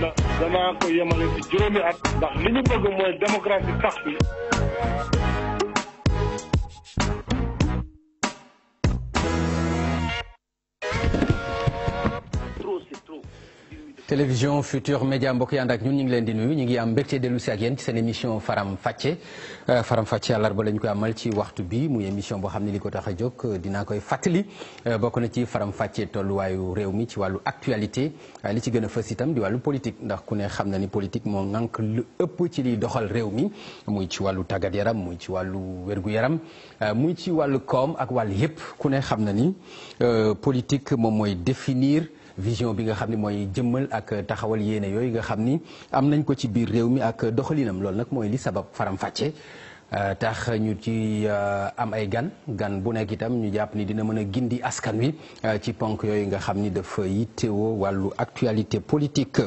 da danaa ko yemale ci juróomi at ndax li ñu bëgg mooy démocratie sax bi télévision Futur Média mbokk yi ànd ñun ñu ngi leen di nuyu ñi ngi am mbégte delu ci ak yeen ci seen émission Faram Facce euh, Faram Facce àllarba la lañ koy amal ci waxtu bi muy émission bo xamni liko li ko euh, koy fàttali euh, bokk na ci Faram Facce tolluwaayu réew mi ci walu actualité li ci gëna a itam di walu politique ndax ku ne xam na ni politique mo ngank lu ëpp ci li doxal réew mi muy ci walu tagat yaram muy ci walu wergu yaram muy ci walu koom ak wàll yépp ku ne xam na ni politique mom moy définir. vision bi nga xam ni mooy jëmmal ak taxawal yéene yooyu nga xam ni am nañ ko ci biir réew mi ak doxalinam loolu nag mooy li sabab faram fàcce euh, tax ñu ci euh, am ay gan gan bu nekk itam ñu jàpp ni dina mën a gindi askan wi euh, ci ponk yooyu nga xam ni dafa yittewoo wàllu actualité politique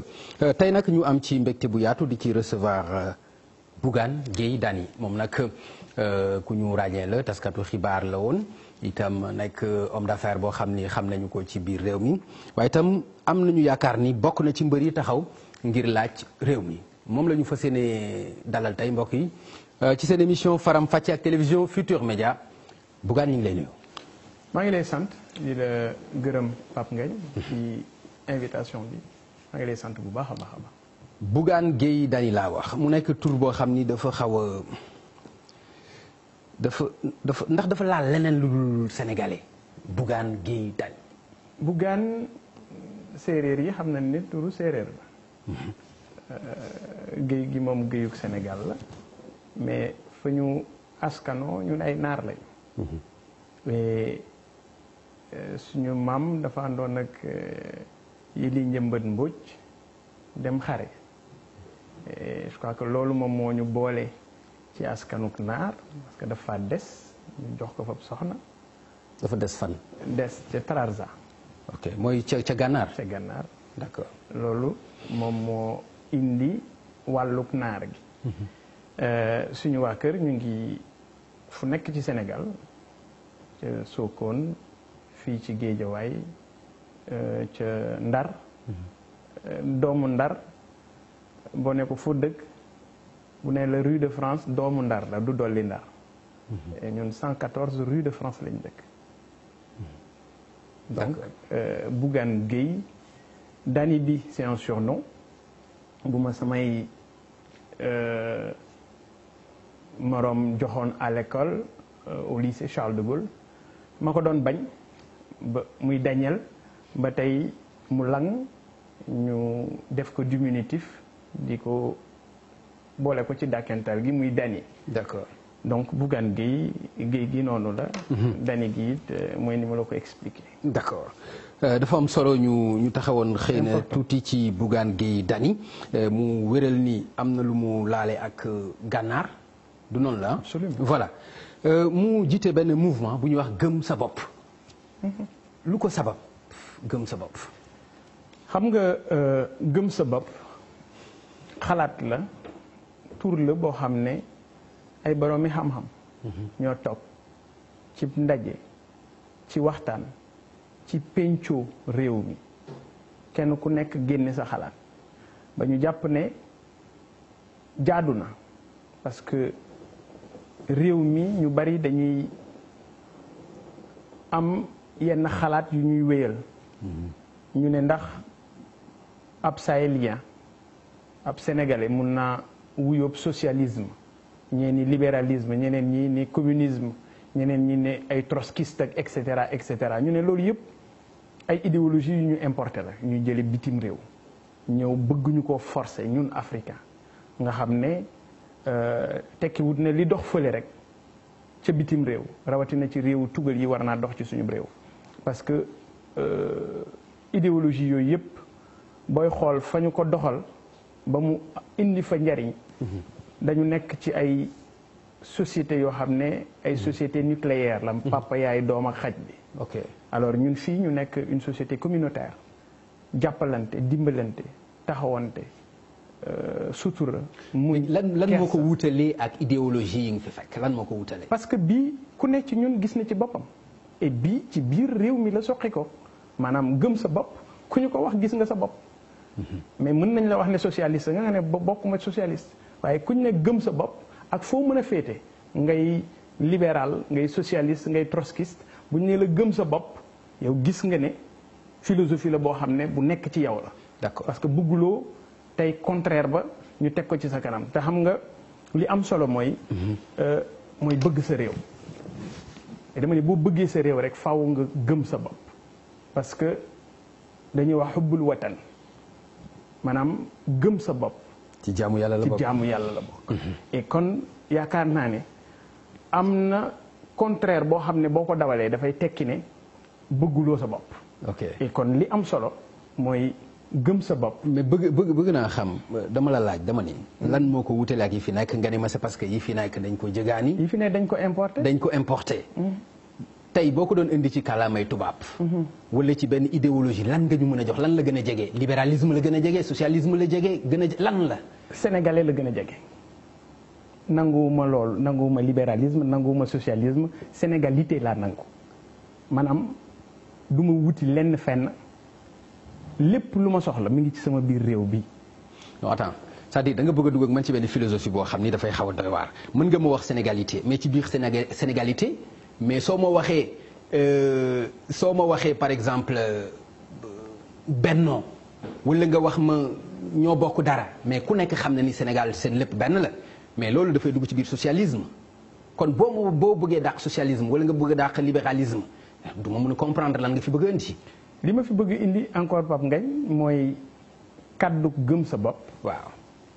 tey nag ñu am ci mbégte bu yaatu di ci recevoir Bougane Gueye Dany moom nag ku ñu ràññee la taskatu xibaar la woon itam nekk homme d'affaires boo xam ni xam nañu ko ci biir réew mi waaye itam am nañu yaakaar ni bokk na ci mbër yi taxaw ngir laaj réew mi moom la ñu fas yéene dalal tey mbokk yi euh, ci seen émission Faram Facce ak télévision Futur Média bugaan ñu ngi lay nuyu. maa ngi lay sant di la gërëm Pape Ngagne ci invitation bi maa ngi lay sant bu baax a baax a baax. Bougane Gueye laa wax mu nekk tour boo xam ni dafa xaw a dafa dafa ndax dafa laal leneen lu dul sénégalais Bougane Guèye Dany Bougane séeréer yi xam na ni turu séeréer la mm-hmm. euh, géy gi moom géyuk Sénégal la mais fa ñu askano ñun ay naar lañ mm-hmm. mais euh, suñu maam dafa àndoon ak euh, yi li njëmbat mbóoj dem xare je crois que loolu moom moo ñu boole ci askanuk naar parce que dafa des ñu jox ko fa soxna. dafa des fan. des ca Trarza. ok mooy ca ca gànnaar. ca gànnaar d'accord loolu moom moo indi wàlluk naar gi. Mhm. Euh, suñu waa kër ñu ngi fu nekk ci senegal ca Sokone fii ci Géejawaay euh, ca Ndar. Mhm. Euh, doomu Ndar boo ne ko dëkk. Vous avez la rue de France doomu ndar la du dolli ndar et ñun 114 rue de France lañ dëkk donc euh, bougan Gueye Dany bi c'est un surnom bu ma samay euh, moroom à l'école euh, au lycée Charles de Gaulle ma ko doon bañ ba muy dañeel ba tey mu lang ñu def ko diminutif bolé ko ci dàkkental gi muy dani d'accord donc Bougane gi Gueye gi noonu la mhm. dani gi euh, moy ni ma lako expliquer d'accord d'accord euh, dafa am solo ñu ñu taxawoon xeyna na tuuti ci Bougane Gueye Dany euh, mu wéral ni amna na lu mu laale ak ganar du non la ah? Voilà. voilà mu jité ben mouvement bu ñu wax gëm sa bop mhm. lu ko sabab gëm sa bop xam nga gëm sa bop xalaat la tur la boo xam ne ay boroomi xam-xam mhm. ñoo toog ci ndaje ci waxtaan ci péncoo réew mi kenn ku nekk génne sa xalaat ba ñu jàpp ne jaadu na parce que réew mi ñu bari dañuy am yenn xalaat yu ñuy wéyal mhm. ñu ne ndax ab sahélien ab sénégalais mun naa wu yóbbu socialisme ñee ni libéralisme ñeneen ñi ni communisme ñeneen ñi ne ay trotskiste ak et cetera et cetera ñu ne loolu yëpp ay idéologie yu ñu importer la ñu jëlé bitim réew ñëw bëgg ñu ko forcer ñun africain nga xam ne euh, tekki wut ne li dox fële rek ca bitim réew na ci réewu tugal yi war naa dox ci suñu réew parce que euh, idéologie yooyu yëpp booy xool fa ñu ko doxal ba mu indi fa njariñ dañu nekk ci ay société yoo xam ne ay hmm. société nucléaire la hmm. papa yaay doom ak xaj bi ok alors ñun fii ñu nekk une société communautaire jàppalante dimbalante taxawante euh, sutura muñ lan lan moo ko wutalee ak idéologie yi nga fi fekk lan moo ko wutalee parce que bii ku ne ci ñun gis na ci boppam et bii ci biir réew mi la soqi ko maanaam gëm sa bopp ku ñu ko wax gis nga sa bopp hmm. mais mun nañ la wax ne socialiste nga nga ne bokkuma socialiste waaye kuñ ne gëm sa bopp ak foo mën a féete ngay libéral ngay socialiste ngay trotskiste buñ ne la gëm sa bopp yow gis nga ne philosophie la boo xam ne bu nekk ci yow la. d'accord parce que bugguloo tey contraire ba ñu teg ko ci sa kanam te xam nga li am solo mooy. Mhm. Euh, mooy bëgg sa réew. te dama ne boo bëggee sa réew rek faw nga gëm sa bopp parce que dañuy wax xubbul watan maanaam gëm sa bopp. ci jaamu yàlla la bokk ci jaamu yàlla la bokk. Mhm. et kon yaakaar naa ne am na contraire boo xam ne boo ko dawalee dafay tekki ne bëgguloo sa bopp. ok kon li am solo mooy gëm sa bopp. mais bëgg bëgg bëgg naa xam dama la laaj dama ni. lan moo ko wutale ak yi fi nekk nga ne ma c'est parce que yi fi nekk dañ ko jegaani yi fi nekk dañ ko importé dañ ko importé. Mhm. tey boo ko doon indi ci kàllaamay tubaab. Mhm. wala ci benn idéologie lan nga ñu mën a jox lan la gën a jege libéralisme la gën a jege socialisme la jege gën a lan la. sénégalais la gën a jege. nanguwuma lool nanguwuma libéralisme ma socialisme sénégalité laa nangu maanaam du ma wuti lenn fenn lépp lu ma soxla mi ngi ci sama biir réew bi non attends cest da nga bëgg a dugg ak man ci benn philosophie boo xam ni dafay xaw a doy waar mën nga ma wax sénégalité mais ci biir sénégalité mais soo ma waxee euh, soo ma waxee par exemple euh, bennoo wala nga wax ma ñoo bokk dara mais ku nekk xam na ni Sénégal seen lépp benn la mais loolu dafay dugg ci biir socialisme kon boo ma boo bëggee dàq socialisme wala nga bëgg a dàq libéralisme du ma mën a comprendre lan nga fi bëgg a indi. li ma fi bëgg indi encore pap Ngagne mooy kaddu gëm sa bopp. waaw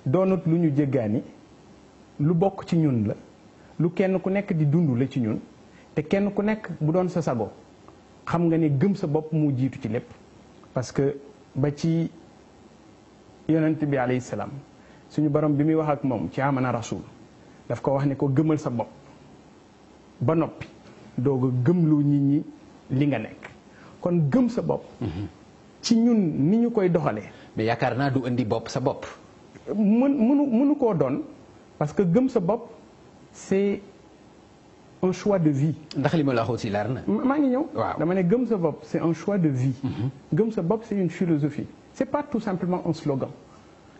doonut lu ñu jéggaani lu bokk ci ñun la lu kenn ku nekk di dund la ci ñun. te kenn ku nekk bu doon sa sago xam nga ni gëm sa bopp mu jiitu ci lépp parce que ba ci yonent bi alayhi salaam suñu borom bi muy wax ak moom ci amana rasul daf ko wax ne ko gëmal sa bopp ba noppi doog a lu nit ñi li nga nekk kon gëm sa bopp mhm. ci ñun ni ñu koy doxalee mais yaakaar naa du indi bopp sa bopp mënu mënu koo doon parce que gëm sa bopp c'est un choix de vie. ndax li la dama sa c'est un choix de vie. Mhm. gëm sa c'est une philosophie. c'est pas tout simplement un slogan.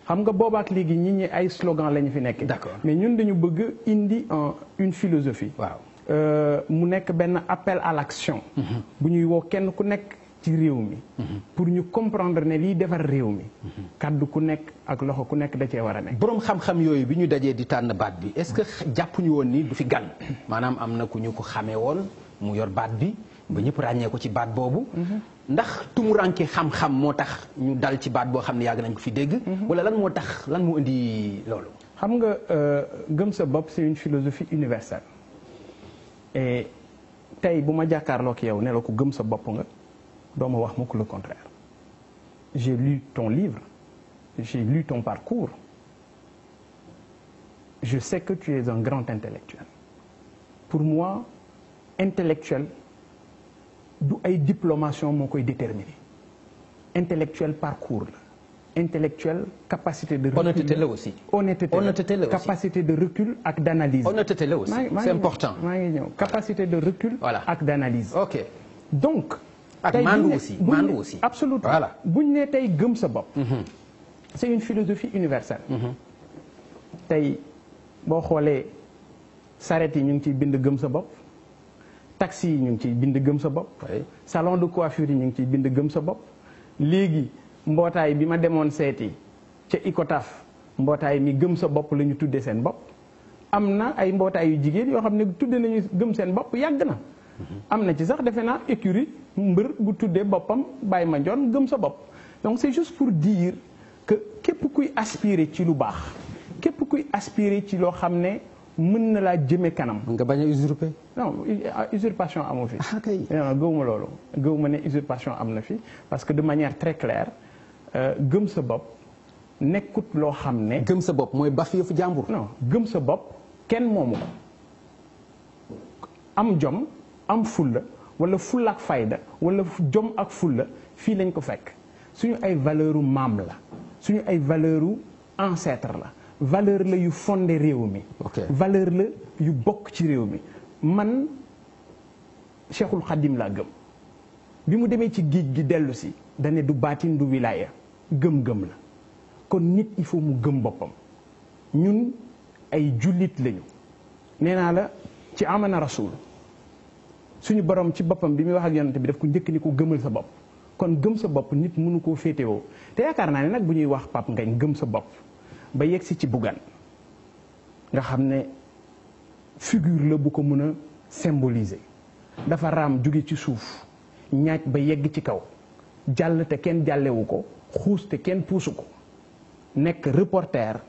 xam nga boobaak léegi nit ñi ay slogan la fi d'accord mais ñun dañu bëgg indi en une philosophie. waaw euh, mu nekk ben appel à l'action. Mhm. bu ñuy kenn ku ci réew mi mhm. pour ñu comprendre ne li défar réew mi mhm. kaddu ku nekk ak loxo ku nekk da ci wara a nekk boroom xam-xam yoy bi ñu dajé di tan baat bi est-ce que ñu won ni du fi gan Manam amna ku ñu ko xamé won mu yor baat bi ba ñepp rañé ko ci baat bobu mhm. ndax ranké xam-xam motax ñu dal ci baat bo xamni ne nañ ko fi dégg wala lan motax lan mo indi lolu xam nga euh, gëm sa bop c'est une philosophie universelle et tay buma jakarlo ak yow ne ko gëm sa bop nga Donc, wax le contraire j'ai lu ton livre j'ai lu ton parcours je sais que tu es un grand intellectuel pour moi intellectuel du diplomation qui est déterminer intellectuel parcours intellectuel capacité de recul honnêteté là aussi honnêteté aussi. capacité de recul acte d'analyse honnêteté là aussi c'est important capacité de recul acte d'analyse ok donc ak mandu aussi mandu aussi absolument voilà bu nee tey gëm sa bopp mm-hmm. c'est une philosophie universelle mm-hmm. tey boo xoolee saret yi ñu ngi ciy bind gëm sa bopp taxi yi ñu ngi ciy bind gëm sa bopp salon de coiffure ñu ngi ciy bind gëm sa bopp léegi mbootaay bi ma demoon seeti ca ICOTAF mbootaay mi gëm sa bopp la tuddee seen bopp am na ay mbootaayu jigéen yoo xam ne tudde nañu gëm seen bopp yàgg na amna ci sax defena écurie mbeur bu tuddé bopam bàyyi ma gëm sa bop donc c'est juste pour dire que képp kuy aspirer ci lu bax képp kuy aspirer ci lo xamné mën na la jëme kanam. nga baña usurper. non usurpation amu fi. ah kay gëwuma loolu. gëwuma né usurpation amna fi parce que de manière très claire euh, gëm sa bop nekkut lo xamné ne. gëm sa bop moy baf yofu jambour non gëm sa bop kenn momu am jom. am fulla wala fulla ak fayda wala jom ak fulla fii lañ ko fekk suñu ay valeur maam la suñu ay valeur u ancêtre la valeur la yu fonde réew mi valeur la yu bokk ci réew mi man cheikhul xadim laa gëm bi mu demee ci géej gi dellusi si dane du baatin du wilaaya gëm-gëm la kon nit il faut mu gëm boppam ñun ay jullit lañu nee naa la ci amana rasul suñu borom ci boppam bi muy wax ak yonante bi daf ko njëkk ni ko gëmal sa bopp kon gëm sa bopp nit mënu koo féetewoo te yaakaar naa ne nag bu ñuy wax Pape Ngagne gëm sa bopp ba yegg si ci Bougane nga xam ne figure la bu ko mën a symboliser dafa raam jóge ci suuf ñaaj ba yegg ci kaw jàll te kenn jàllewu ko xuus te kenn puusu ko nekk reporter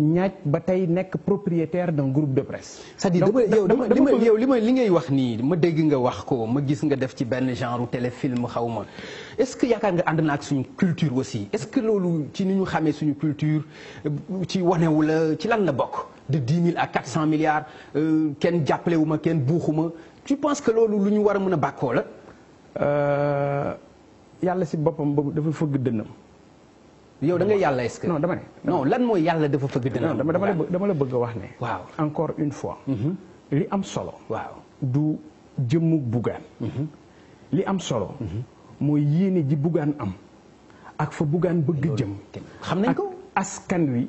ñaaj ba tey nekk propriétaire d'un groupe de presse. c'est-à-dire yow li yow li ma li ngay wax nii ma dégg nga wax ko ma gis nga def ci benn genre téléfilm xaw ma est-ce que yaakaar nga ànd na ak suñu culture aussi est-ce que loolu ci ni ñu xamee suñu culture euh, ci wanewu la ci lan la bokk de dix mille à 400 cent milliards euh, kenn jàppalewu ma kenn buuxuma tu penses que loolu lu ñu war a mën a bàkkoo la. Euh, yàlla si boppam dafa fëgg dënnam. yow da nga yalla est-ce non dama ne non lan moy yalla dafa feug dina dama dama dama la bëgg wax ne waaw encore une fois mhm. li am solo waaw du jëmmug bugaan mhm. li am solo moy mhm. yene ji buugan am ak fa buugan bëgg jëm xam nañ ko askan wi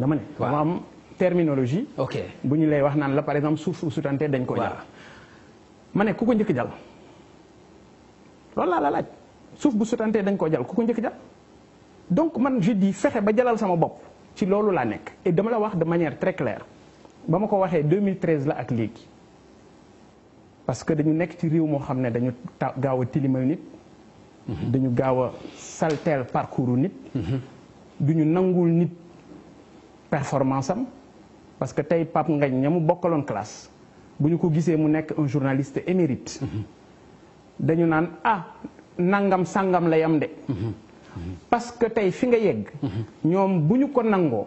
dama ne. waaw terminologie. bu ñu lay wax naan la par exemple suuf su sutante dañ ko jàll. ma ne ku ko njëkk jal loolu laa la laaj suuf bu sutantee dañ koo jal ku ko njëkk jàll. donc man je dis fexe ba jalal sama bopp ci loolu laa nekk dama la wax de manière très claire ba ma ko waxee 2013 la ak léegi parce que dañu nekk ci réew moo xam ne dañu ta gaaw a tilimal nit. Mhm. dañu gaaw a salteel parcours nit. Mhm. duñu nangul nit. performance am parce que tey Pape Ngagne ña mu bokkaloon classe bu ñu ko gisee mu nekk un journaliste émérite dañu naan ah nangam sangam lay am de mhm. parce que tey fi nga yegg mhm. ñoom bu ñu ko nangoo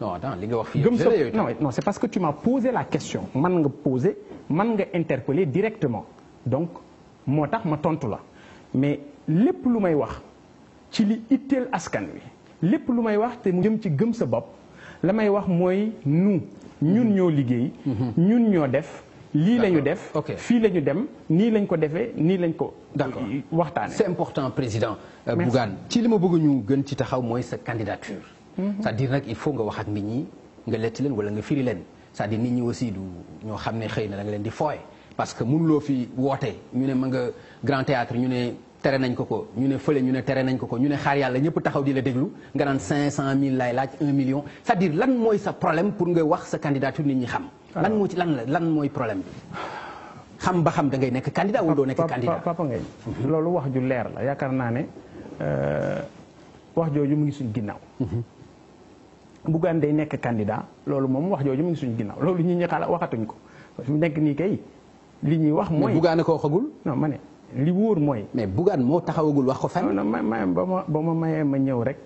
non attends non non c'est parce que tu m'as posé la question man nga posé man nga directement donc moo ma mais te la wax nous ñun ñoo mhm. ñun ñoo def. def dem lañ d'accord c'est important président. Euh, Bougane ci bëgg ñu gën ci taxaw sa candidature. Mhm. sa dir nak il faut nga waxat nit ñi nga lett leen wala nga firi leen sa di nit ñi aussi du ño xamné ne da nga leen di foy parce que lo fi woté ñu né ma nga grand théâtre ñu ne téré nañ ko ko ñu ne feulé ñu ne téré nañ ko ko ñu ne xaar yalla ñepp taxaw di la déglu nga nan 500000 lay laaj 1 million sa dir lan moy sa problème pour nga wax sa candidature nit ñi xam ah. lan mo ci lan la lan moy problème bi xam ba xam da ngay nek candidat wu do nek candidat papa ngay mhm. lolu wax ju leer la yakarna ne ne euh, wax joju mu ngi suñu ginnaw mhm. Bougane day nekk candidat loolu moom wax jooju mu ngi suñu ginnaaw loolu ñi ñi xalaat waxatuñ ko su nekk nii kay li ñuy wax mooy Bougane ko waxagul non ma ne li wóor mooy mais Bougane moo taxawagul wax ko fan non ma ma ma ba ma mayee ma ñëw rek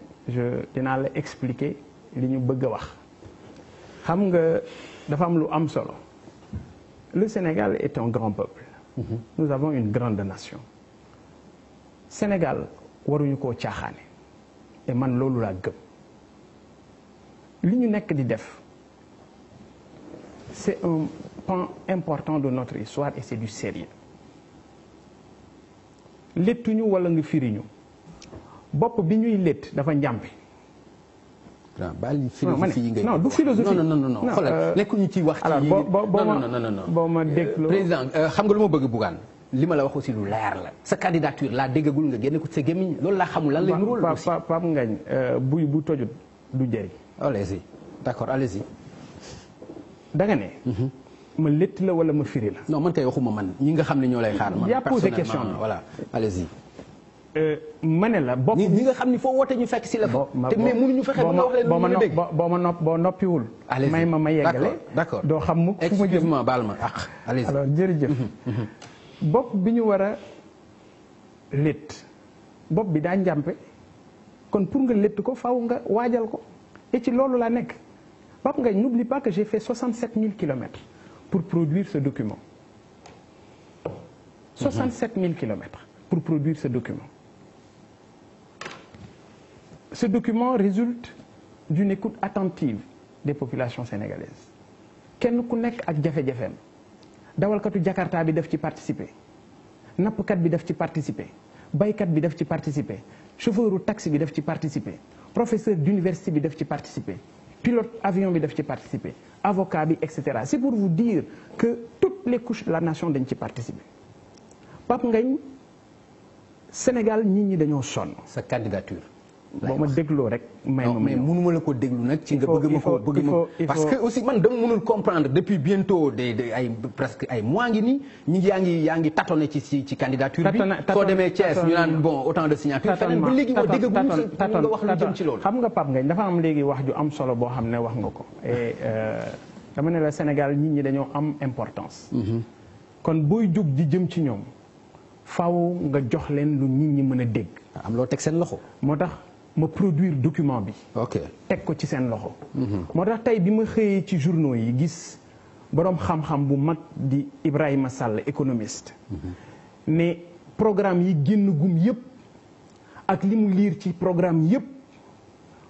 dinaa la expliquer li ñu bëgg a wax xam nga dafa am lu am solo le Sénégal est un grand peuple mhm. nous avons une grande nation Sénégal waruñu koo caaxaane et man loolu laa gëm li ñu nekk di def c'est un pan important de notre histoire et c'est du sérieux lettuñu wala nga firiñu bopp bi ñuy létt dafa njàmbi non du philosophie non non non non xoolal euh, nekkuñu ci wax ci boo ma dégloo président euh, xam nga lu ma bëgg bugaan li ma la wax aussi lu leer la sa candidature laa déggagul nga génne ko sa gémmiñ loolu laa xamul lan lay nuróol aussi Pape Ngagne euh, buy bu tojut du jëriñ allez-y d'accord allez da nga ne. Mhm. ma létt la wala ma firi la. non man kay waxuma man ñi nga xam ne ñoo lay xaar. ma yaa posé question bi voilà euh, ma ne la bopp ñi nga xam ni foo woote ñu si la ko. te mais mënuñu fexe ba ma wax leen lu ma nopp boo noppiwul. may ma ma yeggale d'accord doo xam mu fu ma jëm ma baal ma ak ah, allez-y alors mhm, mhm. bi ñu war a bopp bi daa njàmpe kon pour nga létt ko faaw nga waajal ko. et tu ce laa nekk Pape n'oublie pas que j'ai fait 67 000 kilomètres pour produire ce document 67 mhm. 000 kilomètres pour produire ce document ce document résulte d'une écoute attentive des populations sénégalaises kenn ku nekk ak le cas de Jakarta a daf ci participer nappkat bi daf ci participer baykat bi daf ci participer chauffeuru taxi il daf participer professeurs d'université bi daf participer pilote avion bi doivent participer avocat etc. c'est pour vous dire que toutes les couches de la nation doivent ci participer pap Ngagne Sénégal nit ñi sa candidature. boo ma dégloo rek. may ma mais mënuma la ko déglu nag. ci nga bëgg ma ko bëgg ma parce que aussi man dama mënul comprendre depuis bientôt des ay presque ay mois ngi nii ñu ngi ngi yaa ngi tâtonné ci ci ci candidature bi. soo demee Thiès ñu naan wax lu jëm ci loolu. xam am léegi wax ju am solo boo xam ne wax nga ko. Euh, dama ne la Sénégal nit ñi dañoo am importance. Mm-hmm. kon booy jóg di jëm ci ñoom faaw nga jox leen lu nit ñi mën a dégg. am loo teg seen loxo moo tax. ma produir document bi. ok teg ko ci seen loxo. Mhm. moo tax tey bi ma xëyee ci journaux yi gis boroom xam-xam bu mag di Ibrahima Sall économiste. Mhm. ne programme yi génn gum yépp ak li mu liir ci programme yépp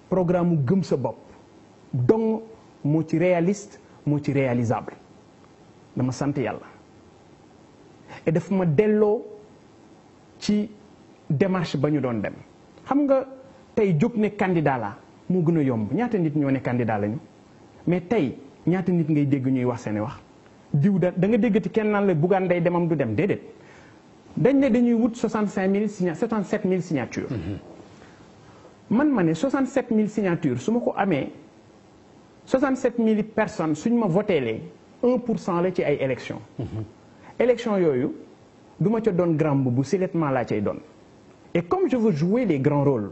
programme mu gëm sa bopp dong moo ci réaliste moo ci réalisable dama sant yàlla. et ma delloo ci démarche ba ñu doon dem xam nga. tay jóg ne candidat la mo gëna yomb ñaata nit ñoo ne candidat lañu mais tay ñaata nit ngay dégg ñuy wax seeni wax diw da da nga déggati kenn nan la Bougane day demam du dem déedéet dañ ne dañuy wut 65000 signatures 77000 mm-hmm. signatures. man mané 67000 signatures su ko 67000 personnes suñ ma lé 1 pour la ci ay élections. Mm-hmm. élections yoyu duma ca grand bu bu silettement laa cay et comme je veux jouer les grands rôles.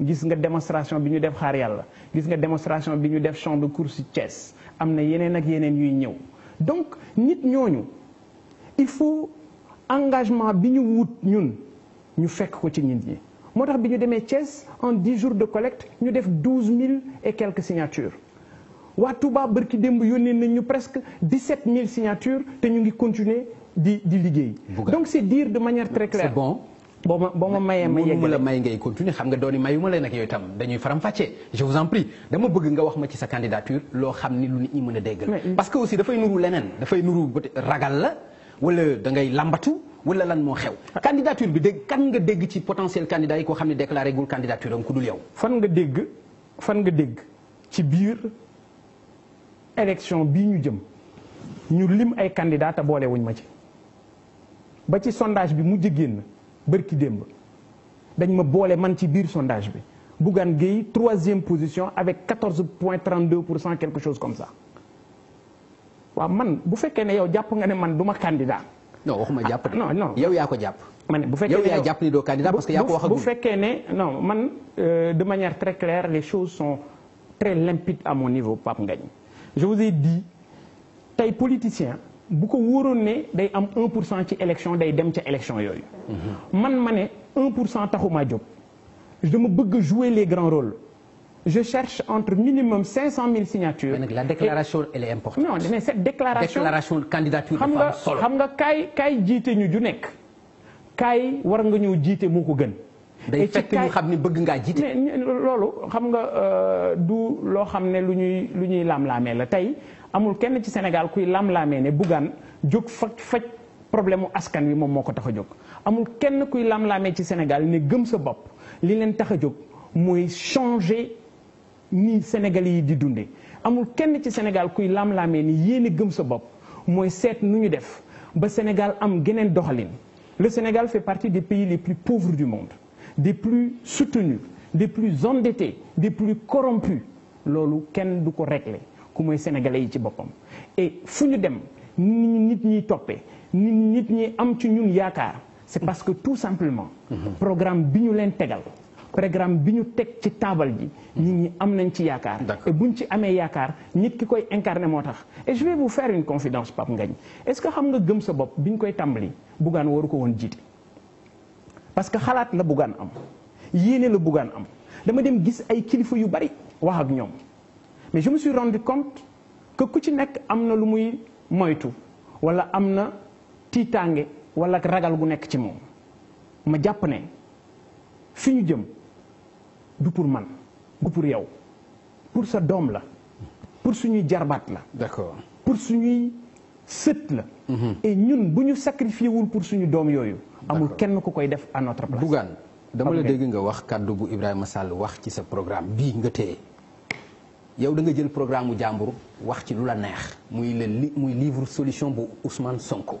gis nga démonstration bi ñu def xaar yàlla gis nga démonstration bi ñu def champ de course Thiès am na yeneen ak yeneen yuy ñëw donc nit ñooñu il faut engagement bi ñu wut ñun ñu fekk ko ci nit ñi moo tax bi ñu demee Thiès en 10 jours de collecte ñu def douze mille et quelques signatures waa Touba Barki démb yónnee nañ ñu presque dix mille signatures te ñu ngi continuer di di liggéey donc c'est dire de manière très claire c'est bon boo ma boo ma mayee ma yeggale la may ngay continuer xam nga dooni mayuma la nag yooyu tam dañuy faram-fàccee je vous en prie dama bëgg nga wax ma ci sa candidature loo xam ni lu nit ñi mën a dégg la parce que aussi dafay nuru leneen dafay nuru ragal la wala da ngay làmbatu wala lan moo xew ah. candidature bi dégg kan nga dégg ci potentiel candidat yi koo xam ne déclaré gul candidature am ku dul yow fan nga dégg fan nga dégg ci biir élection bii ñu jëm ñu lim ay candidat te boolewuñ ma ci ba ci sondage bi mu jëgéen bërki demb dañ ma bolé man ci bir sondage bi Bougane Gueye troisième position avec 14.32%, quelque chose comme ça wa man bu fekké né yow japp nga né man duma candidat non waxuma jàpp ah, non non yow yaa ko jàpp ma bu fekké yow yaa japp ni do candidat parce que ya ko wax bu fekké né non man euh, de manière très claire les choses sont très limpides à mon niveau pap Ngagne je vous ai dit tay politicien bu ko wóoroon day am 1 ci élection day dem ci élection Mm-hmm. man mané 1 pour jouer les grands rôles je cherche entre minimum 500 000 signatures. la déclaration elle est importante. non cette déclaration déclaration candidature de solo xam nga ñu ju nekk. war nga gën. day ñu ne xam nga euh, la amul kenn ci Sénégal kuy ne qu'il problème askan wi mom moko ko jog amul kenn kuy lam lamé ci Sénégal né gëm sa bop li leen tax jog moy changer ni Sénégalais yi di dundé amul kenn ci Sénégal kuy lam lamé ni yéne gëm sa bop moy sét nuñu def ba Sénégal am geneen doxalin le Sénégal fait partie des pays les plus pauvres du monde des plus soutenus des plus endettés des plus corrompus loolu kenn du ko régler ku moy sénégalais yi ci bopam et fuñu dem ni nit ñi topé nit nit ñi am ci ñun yaakar c'est parce que tout simplement mhm. programme bi ñu leen programme bi ñu teg ci table ji mhm. nit ñi am nañ ci yaakar et buñ ci amé yaakar nit ki koy incarner motax et je vais vous faire une confidence papa Ngagne est-ce que xam nga gëm sa bop biñ koy bu gan waru ko won jiite parce que xalaat la gan am yéene la gan am dama dem gis ay kilifa yu bari wax ak ñom mais je me suis rendu compte que ku ci nek am lu muy moytu wala am na tiitaange wala ak ragal gu nekk ci moom ma jàpp ne fi jëm du pour man du pour yow pour sa doom la pour suñuy jarbaat la d'accord pour suñuy sët la mhm. et ñun bu ñu sacrifié wul pour suñu doom yooyu amul kenn ku koy def à notre place dama la dégg nga wax bu Ibrahima Sall wax ci sa programme nga yow da nga jël programme mu wax ci lu neex muy le muy livre solution bu Ousmane Sonko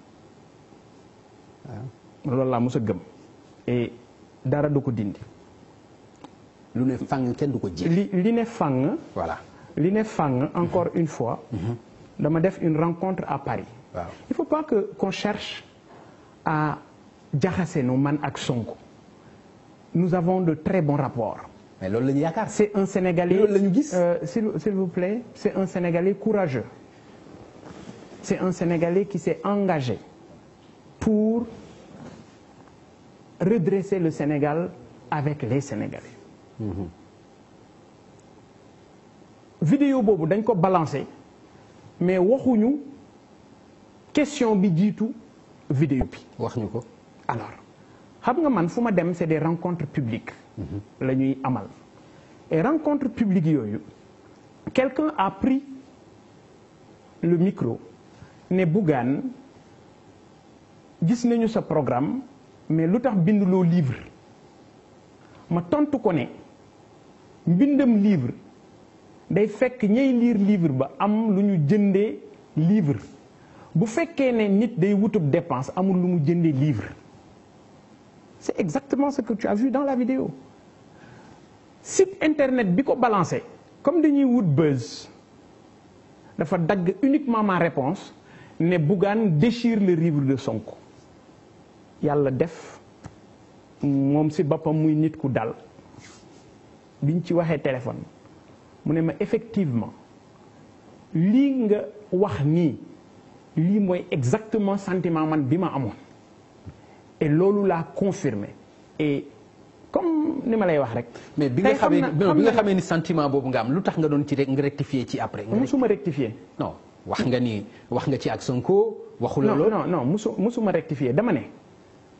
et dara duko dindi. Lune ne fàng kenn du voilà encore mm-hmm. une fois. Mm-hmm. dama def une rencontre à Paris. il il faut pas que qu'on cherche à jaxase nos man ak nous avons de très bons rapports. mais c'est un sénégalais euh, s'il vous plaît c'est un sénégalais courageux. c'est un sénégalais qui s'est engagé pour redresser le Sénégal avec les Sénégalais. Mhm. vidéo Bobo d'un ko balancé, mais question de tout vidéo pi. alors xam man c'est des rencontres publiques. Mhm. la nuit amal et rencontres publiques quelqu'un a pris le micro ne Bougane gis nañu sa programme mais lu tax binduloo livre ma tontu ko ne mbindam livre day fekk ñay lire livre ba am lu ñu jëndee livre bu fekkee ne nit day wutub dépense amul lu mu jëndee livre c'est exactement ce que tu as vu dans la vidéo site internet bi ko balancé comme dañuy wut buzz dafa dagg uniquement ma réponse ne bougan déchire le livre de Sonko yalla def mom si bopam muy nit ku dal biñ ci waxe téléphone mune ma effectivement li nga wax ni, li moy exactement sentiment man bima amone et loolu la confirmé et comme ni ma lay wax rek. mais bi nga xamé ni bi nga xamé ni sentiment bobu nga am lutax nga don ci rek nga rectifier ci après. nga musuma rectifier non wax nga ni wax nga ci ak Sonko waxu la non non musu musuma rectifier dama ne.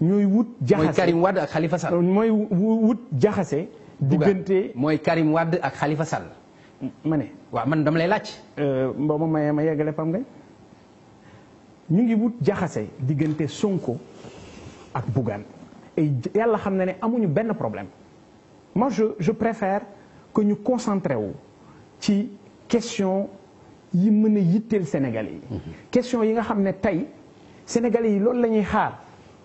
ñooy wut. jaxase mooy Karim Wade ak Khalifa Sall. Euh, mooy wut jaxase. diggante mooy Karim Wade ak Khalifa Sall. ma ne. waaw man dama lay laaj. Euh, mboo ma mayee ma yeggale pam ngay ñu ngi wut jaxase diggante Sonko ak Bougane et yàlla xam na ne amuñu benn problème moi je je préfère que ñu concentré wu ci question yi mën a yitteel Sénégalais yi. Mm-hmm. question yi nga xam ne tey Sénégalais yi loolu la ñuy xaar.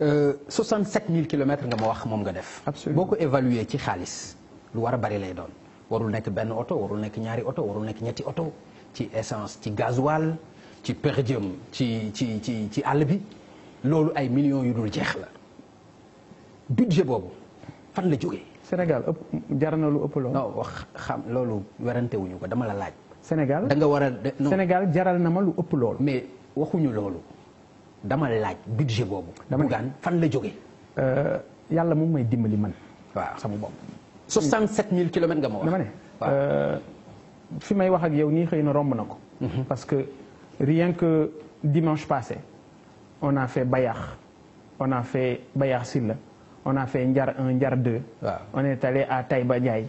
67000 euh, km nga ma wax mom nga def. boko évaluer ci xaliss lu wara bari lay doon warul nek ben auto warul nek ñaari auto warul nek ñetti auto ci essence ci gasoil ci pérédium ci ci ci ci àll bi lolu ay millions yu dul jeex la budget bobu fan la jógee. Sénégal ëpp jar lu ëpp lool non wax xam lolu wéranté wuñu ko dama la laaj. Sénégal da nga wara Sénégal jaral na ma lu ëpp lool mais waxuñu loolu dama laaj budget bobu dama Bougane fan la euh yalla moom may dimbali man. waaw sama bopp. 67000 km nga ma wax. dama ne euh, fi may wax ak yow ni xeyna romb nako mhm. parce que rien que dimanche passé on a fait Bayax on a fait Bayax Silla on a fait Ndiar 1 Ndiar 2. on est allé à Taïba Ndiaye.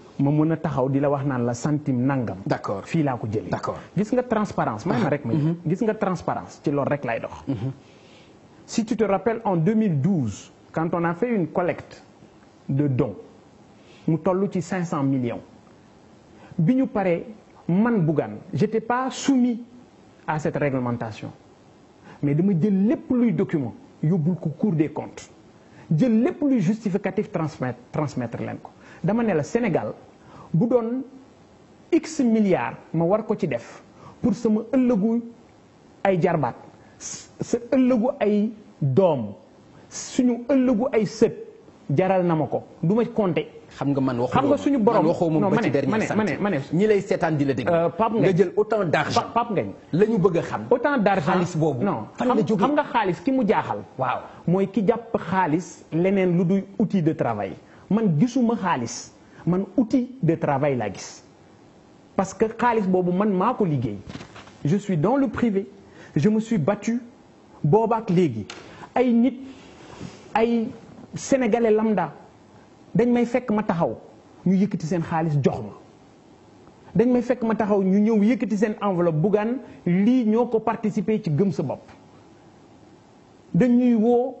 ma mën taxaw dila wax nan la centime nangam. d'accord fi la ko d'accord nga transparence may ma rek ma mm-hmm. gis nga transparence ci loolu rek lay dox. Mm-hmm. si tu te rappelles en 2012 quand on a fait une collecte de dons mu tollu ci 500 millions biñu paré man j'étais pas soumis à cette réglementation mais dama jël lepp luy document yobul ko Cour des comptes jël lepp luy justificatif transmettre transmettre dama ne la Sénégal bu doon x milliards ma war ko ci def pour sama ëllëgu ay jarbaat sa ëllëgu ay doom suñu ëllëgu ay sët jaral na ma ko du ma compter. xam nga man waxoo xam nga suñu borom non ma ne ma ne ma ne ñi lay seetaan di la dégg. Euh, Pape Ngagne nga jël autant d' argent Pape Ngagne la ñu bëgg xam. autant d' argent xaalis boobu. non xam nga xaalis ki mu jaaxal. waaw mooy ki jàpp xaalis leneen lu duy outil de travail. man gisuma xaalis man outil de travail la gis parce que xaalis bobu man mako ko je suis dans le privé je me suis battu boobaak léegi ay nit ay sénégalais lambda dañ may fekk ma taxaw ñu yëkëti seen xaalis jox dañ may fekk ma taxaw ñu ñëw yëkëti seen enveloppe bougan lii ñoo participer ci gëm sa dañ ñuy wo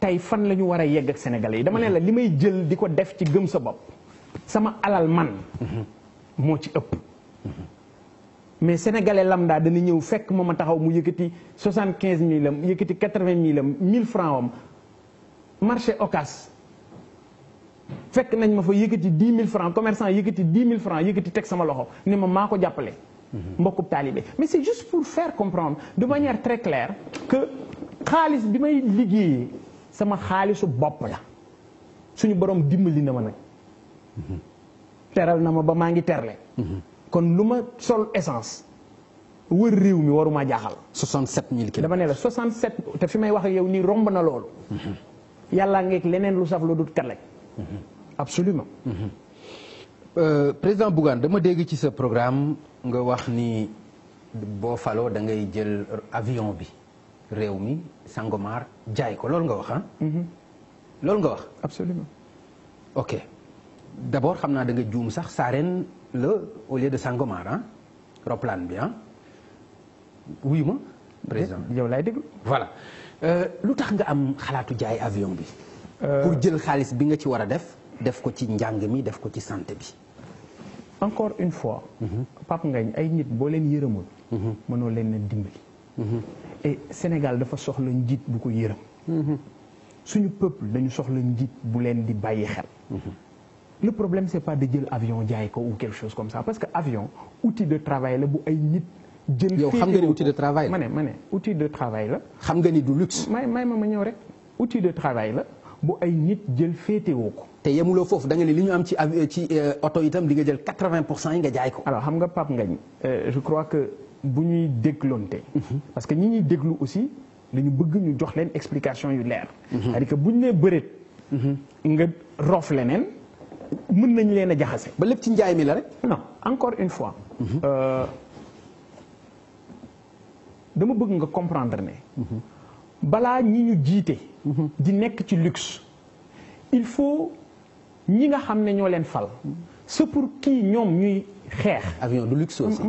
tay fan lañu wara yegg ak sénégalais dama la limay jël def ci gëm sa sama alal man ci ëpp mais sénégalais lambda ñëw fekk taxaw mu soixante quinze quatre vingt mille marché occas fekk nañ ma fa yëkëti 10 mille francs, commerçant yëkëti 10 mille a sama loxo ne ma mako jappalé mais c'est juste pour faire comprendre de manière très claire que bi sama xaalisu bopp la suñu borom dimbali na ma nag teral na ma ba maa ngi terle kon lu ma sol essence wër réew mi waruma jaaxal 67000 kilomètres dama ne la 67 te fi may wax ak yow nii romb na loolu yàllaa ngeeg leneen lu saf lu dut kat lañ absolument euh, président Bougane dama dégg ci sa programme nga wax ni boo faloo da ngay jël avion bi réew mi Sangomar jaay ko loolu nga wax ah? mhm. loolu nga wax. absolument ok d' xam naa danga nga juum sax Sarène la au lieu de Sangomar ah roplaan bi ah? wuyu ma. président yow déglu. voilà euh, lu tax nga am xalaatu jaay avion bi. Euh. pour jël xaalis bi nga ci war a def. def ko ci njàng mi def ko ci santé bi. encore une fois. Mhm. Pape Ngagne ay nit boo leen yërëmul. Mhm. mënoo leen a dimbali. et Sénégal dafa soxla njiit bu ko yërëm. Mhm. suñu peuple dañu soxla njiit bu len di bayyi xel. Mhm. le problème c'est pas de jël avion jaay ko ou quelque chose comme ça parce que avion outil de travail la bu ay nit. jël yow xam nga ni outil de travail mané mané outil de travail la. xam nga ni du luxe. may may ma ñew rek outil de travail la bu ay nit jël féetewoo ko. te yamulo fofu da nga ni li ñu am ci ci auto euh, itam li nga jël 80 yi nga jaay ko. alors xam nga pap Ngagne euh, je crois que buñuy déglonté mhm. parce que ñi ñi déglu aussi dañu bëgg ñu jox leen explication yu leer mhm. cest que buñ né nee bëreet mhm. nga rof leneen mën nañ leen a jaxase ba lépp ci njaay mi la rek non encore une fois euh, dama bëgg nga comprendre ne balaa ñi ñu jiite di nekk ci luxe il faut ñi nga xam ne ñoo leen fal c'est pour qui ñoom ñuy avion de luxe aussi.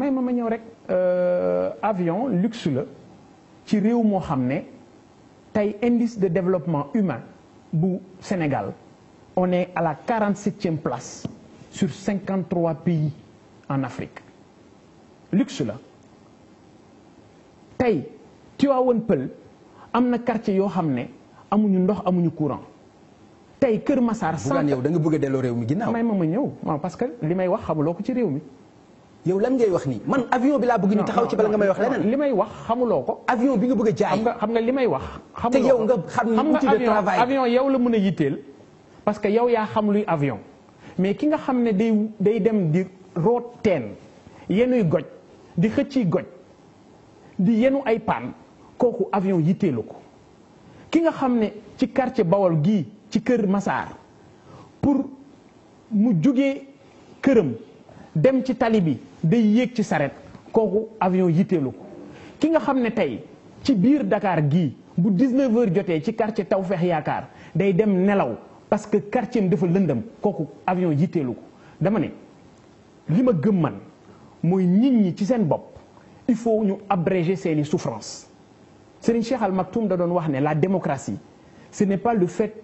Euh, avion luxe la ci réew moo indice de développement humain bu Sénégal on est à la 47 e place sur 53 pays en Afrique luxe la tu as un peu na quartier yoo xam amuñu ndox courant. tey Kër Massar. bugaan yow da nga bëgg a delloo réew mi ginnaaw may ma ma ñëw waaw parce que li may wax xamuloo ko ci réew mi. yow lan ngay wax nii man avion bi laa bëgg ñu taxaw ci bala nga may wax leneen. li may wax xamuloo ko. avion bi nga bëgg a jaay xam nga xam nga li may wax. xamuloo ko te yow nga xam ni outil de yow la mën a yitteel. parce que yow yaa xam luy mais ki nga xam ne day day dem di root teen yenuy goj di xëcci goj di yenu ay paan kooku avion yitteelu ko ki nga xam ne ci quartier Bawol gii. ci kër Massar pour mu jógee këram dem ci tali bi day yek ci saret kooku avion yitteelu ko ki nga xam tay ci biir Dakar gii bu 19h jotee ci quartier Tawfeex yakar day dem nelaw parce que quartier dafa lëndëm kooku avion yitteelu ko dama né lima ma gëm man moy nit ñi ci sen bop il faut ñu abréger seeni souffrance Serigne Cheikh Al Maktoum da doon wax né la démocratie ce n'est pas le fait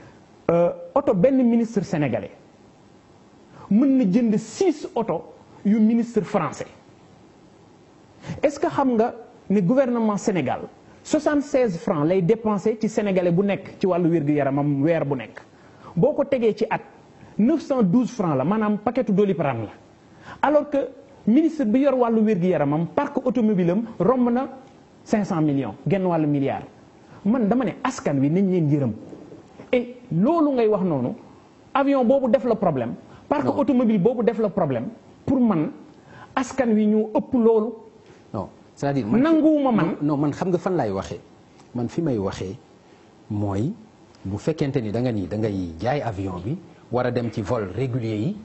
Euh, oto benn ministre sénégalais mën na jënd six oto yu ministre français est-ce que xam nga ne gouvernement Sénégal 76 francs lay dépensé ci sénégalais bu nekk ci wàllu wér-gu-yaramam weer bu nekk boo ko tegee ci at 912 francs la maanaam paquetu Doliprane la alors que ministre bi yor wàllu wér-gu-yaramam parc automobile am romb na 500 millions genn wàllu milliard man dama ne askan wi nañ leen yërëm et loolu ngay wax avion boobu def le problème. parce que automobile boobu def problème pour man askan wi ñu non c'est-à-dire nanguwuma man. non man xam nga fan laay man fi may waxee mooy bu fekkente ni da nga ni da ngay jaay avion bi dem ci vol régulier yi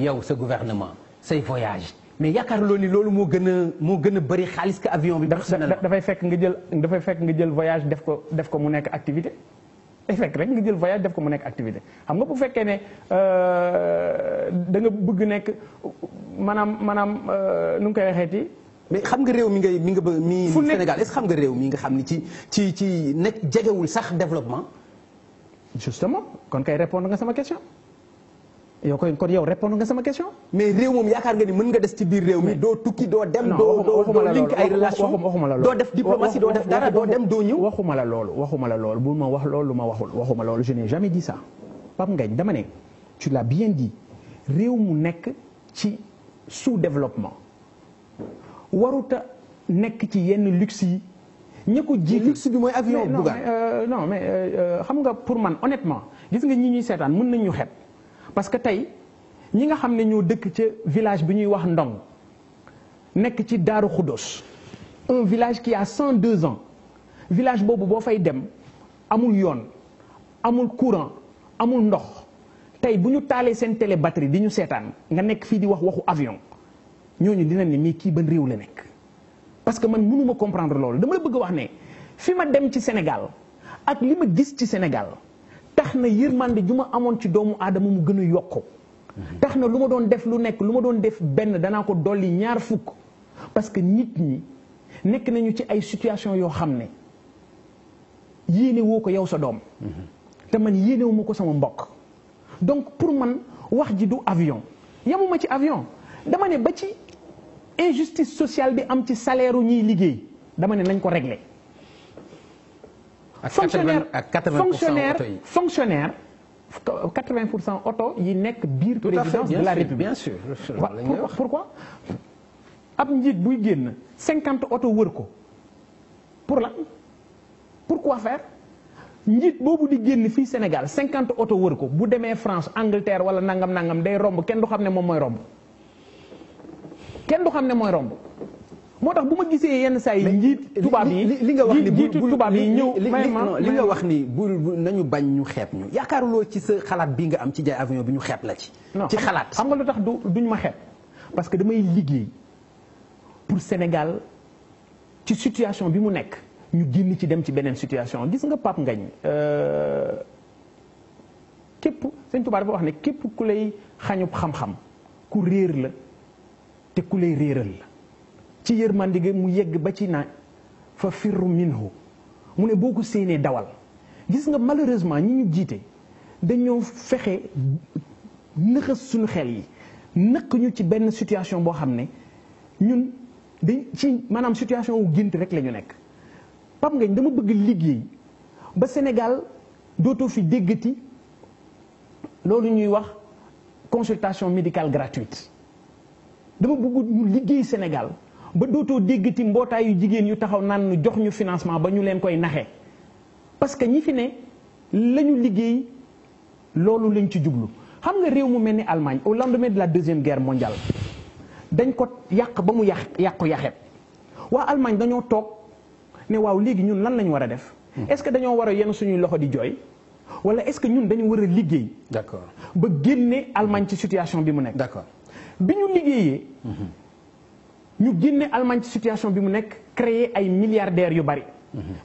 yow gouvernement say voyage mais yaakaaruloo ni loolu moo gën a moo gën a bëri xaalis que avion bi. dafay fekk nga jël fekk nga jël voyage def ko def ko activité. day fekk rek nga jël voyage def ko mu nekk activité xam nga bu fekkee ne euh, da bëgg nekk maanaam maanaam euh, nu ngi koy waxeeti mais xam nga réew mi ngay mi nga ba mi Sénégal est-ce xam nga réew mi nga xam ni ci ci ci nekk jegewul sax développement justement kon kay répondre nga sama question yow koy kon yow répondre nga sama question. mais réew moom yaakaar nga ni mën nga des ci biir réew mi do tukki doo dem. doo doo link ay relation waxuma la loolu doo def diplomatie do def dara doo dem doo ñëw. waxuma la loolu waxuma la loolu bu ma wax loolu lu ma waxul waxuma loolu je n'ai jamais dit ça Pape Ngagne dama ne tu l'as bien dit réew mu nekk ci sous-développement waruta nekk ci yenn luxe yi. ñi ji luxe bi mooy avion. buga euh, non mais non euh, mais xam nga pour man honnêtement gis nga ñi ñuy seetaan mën nañ ñu xeeb. parce que tey ñi nga xam ne ñoo dëkk ca village bi ñuy wax Ndong nekk ci Daaru Xuddos un village qui a 102 ans village boobu boo fay dem amul yoon amul courant amul ndox tey bu ñu taalee seen télé batterie di ñu seetaan nga nekk fii di wax waxu avion ñooñu dinañ ne mais kii ban réew la nekk. parce que man mënuma comprendre loolu dama la bëgg wax ne fi ma dem ci Sénégal ak li ma gis ci Sénégal. tax na yërmande ju ma amoon ci doomu aadama mu gën a yokk tax na lu ma doon def lu nekk lu ma doon def benn danaa ko dolli ñaar fukk parce que nit ñi nekk nañu ci ay situation yoo xam ne yéene woo ko yow sa doom te man yéenewuma ko sama mbokk donc pour man wax ji du avion yamuma ci avion dama ne ba ci injustice sociale bi am ci salaire ñuy liggéey dama ne nañ ko régler fonctionnaire fonctionnaire fonctionnaire 80 auto, il n'est yi bire-président de la république bien sûr pourquoi ab Bouigine, buy 50 autos, wër pour là pourquoi faire nit bobu di génn fi Sénégal 50 auto wër ko bu France Angleterre wala nangam nangam day romb kenn du xamné ne moy romb kenn du xamné ne romb moo tax bu ma gisee yenn saa yi njiit tubaab yi li nga wax ni jiitu tubaab yi ñëw li nga wax ni bu nañu bañ ñu xeeb ñu yaakaaruloo ci sa xalaat bi nga am ci jaay avion bi ñu xeeb la ci ci xalaat xam nga lu tax du duñ ma xeeb parce que damay liggéey pour Sénégal ci situation bi mu nekk ñu génn ci dem ci beneen situation gis nga Pape Ngagne euh, képp sëñ Tuubaa dafa wax ne képp ku lay xañub xam-xam ku réer la te ku lay réeral la ci yërmande gi mu yegg ba ci na fa firru minhu mu ne boo ko seenee dawal gis nga malheureusement ñi ñu jiite dañoo fexe nëxas suñu xel yi nëkk ñu ci benn situation boo xam ne ñun dañ ci maanaam situation wu gént rek lañu nekk pam ngañ dama bëgg liggéey ba Sénégal dootoo fi déggati loolu ñuy wax consultation médicale gratuite dama bëgg ñu liggéey Sénégal ba dootoo déggati mbootaayu jigéen yu taxaw naan nu jox ñu financement ba ñu leen koy naxee parce que ñi fi ne lañu liggéey loolu lañ ci jublu xam nga réew mu mel ni Allemagne au lendemain de la deuxième guerre mondiale dañ ko yàq ba mu yàq yàqu yaxet waa Allemagne dañoo toog ne waaw léegi ñun lan lañ war a def hmm. est-ce que dañoo war a yenn suñuy loxo di jooy wala est-ce que ñun dañu war a liggéey d'accord ba génne Allemagne ci situation bi mu nekk d'accord bi ñu ñu génne Allemagne ci situation bi mu nekk créer ay milliardaires yu bari.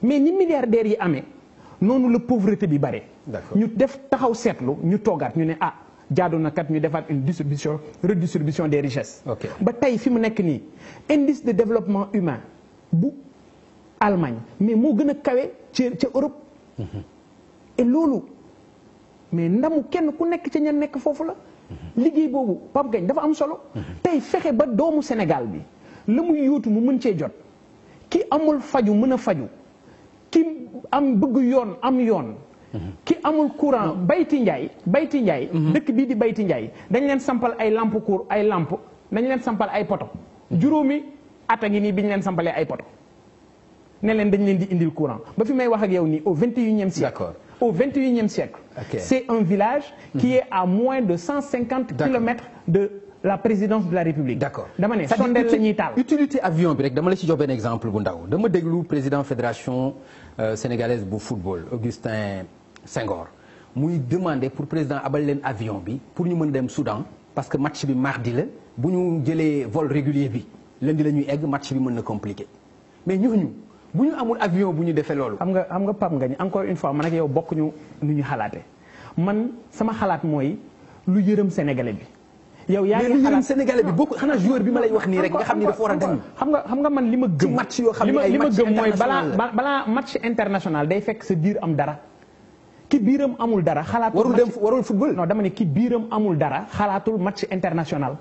mais ni milliardaires yi amee noonu le pauvreté bi bare. ñu def taxaw seetlu ñu toogaat ñu ne ah jaadu na kat ñu defaat une distribution redistribution des richesses. ba tey fi mu ni indice de développement humain bu Allemagne mais moo gën a kawe ci ca Europe. et loolu mais ndamu kenn ku nekk ca ña nekk foofu la. Mhm. liggéey boobu Pape Gagne dafa am solo. Mhm. tey fexe ba doomu Sénégal bi la muy yóotu mu mën cee jot ki amul faju mën a faju ki am bëgg yoon am yoon mhm. ki amul courant mhm. bayti njaay bayti njaay mhm. dëkk bii di bayti njaay dañ leen sampal ay lamp cour ay lamp dañ leen sampal ay poto juróomi at a ngi nii bi ñu leen sampalee ay poto ne leen dañ leen di indil courant ba fi may wax ak yow nii au 21e siècle au 21e unième siècle c'est un village qui est à moins de 150 km de la présidence de la République. d'accord utilité avion bi rek dama la ci exemple. un exemple bu ndaw président fédération euh, sénégalaise de football Augustin Senghor demander pour président abal avion pour ñu Soudan parce que match mardi vol régulier bi match compliqué mais avion encore une fois yow yaa ngi xalaat bi bokk xanaa joueur bi ma lay wax nii rek nga xam ni dafa war a xam nga xam nga man li ma gëm match yoo xam ne ay match ma gëm mooy balaa balaa match international day fekk sa biir am dara ki biiram amul dara xalaatul warul dem warul football non dama ne ki amul dara xalaatul match international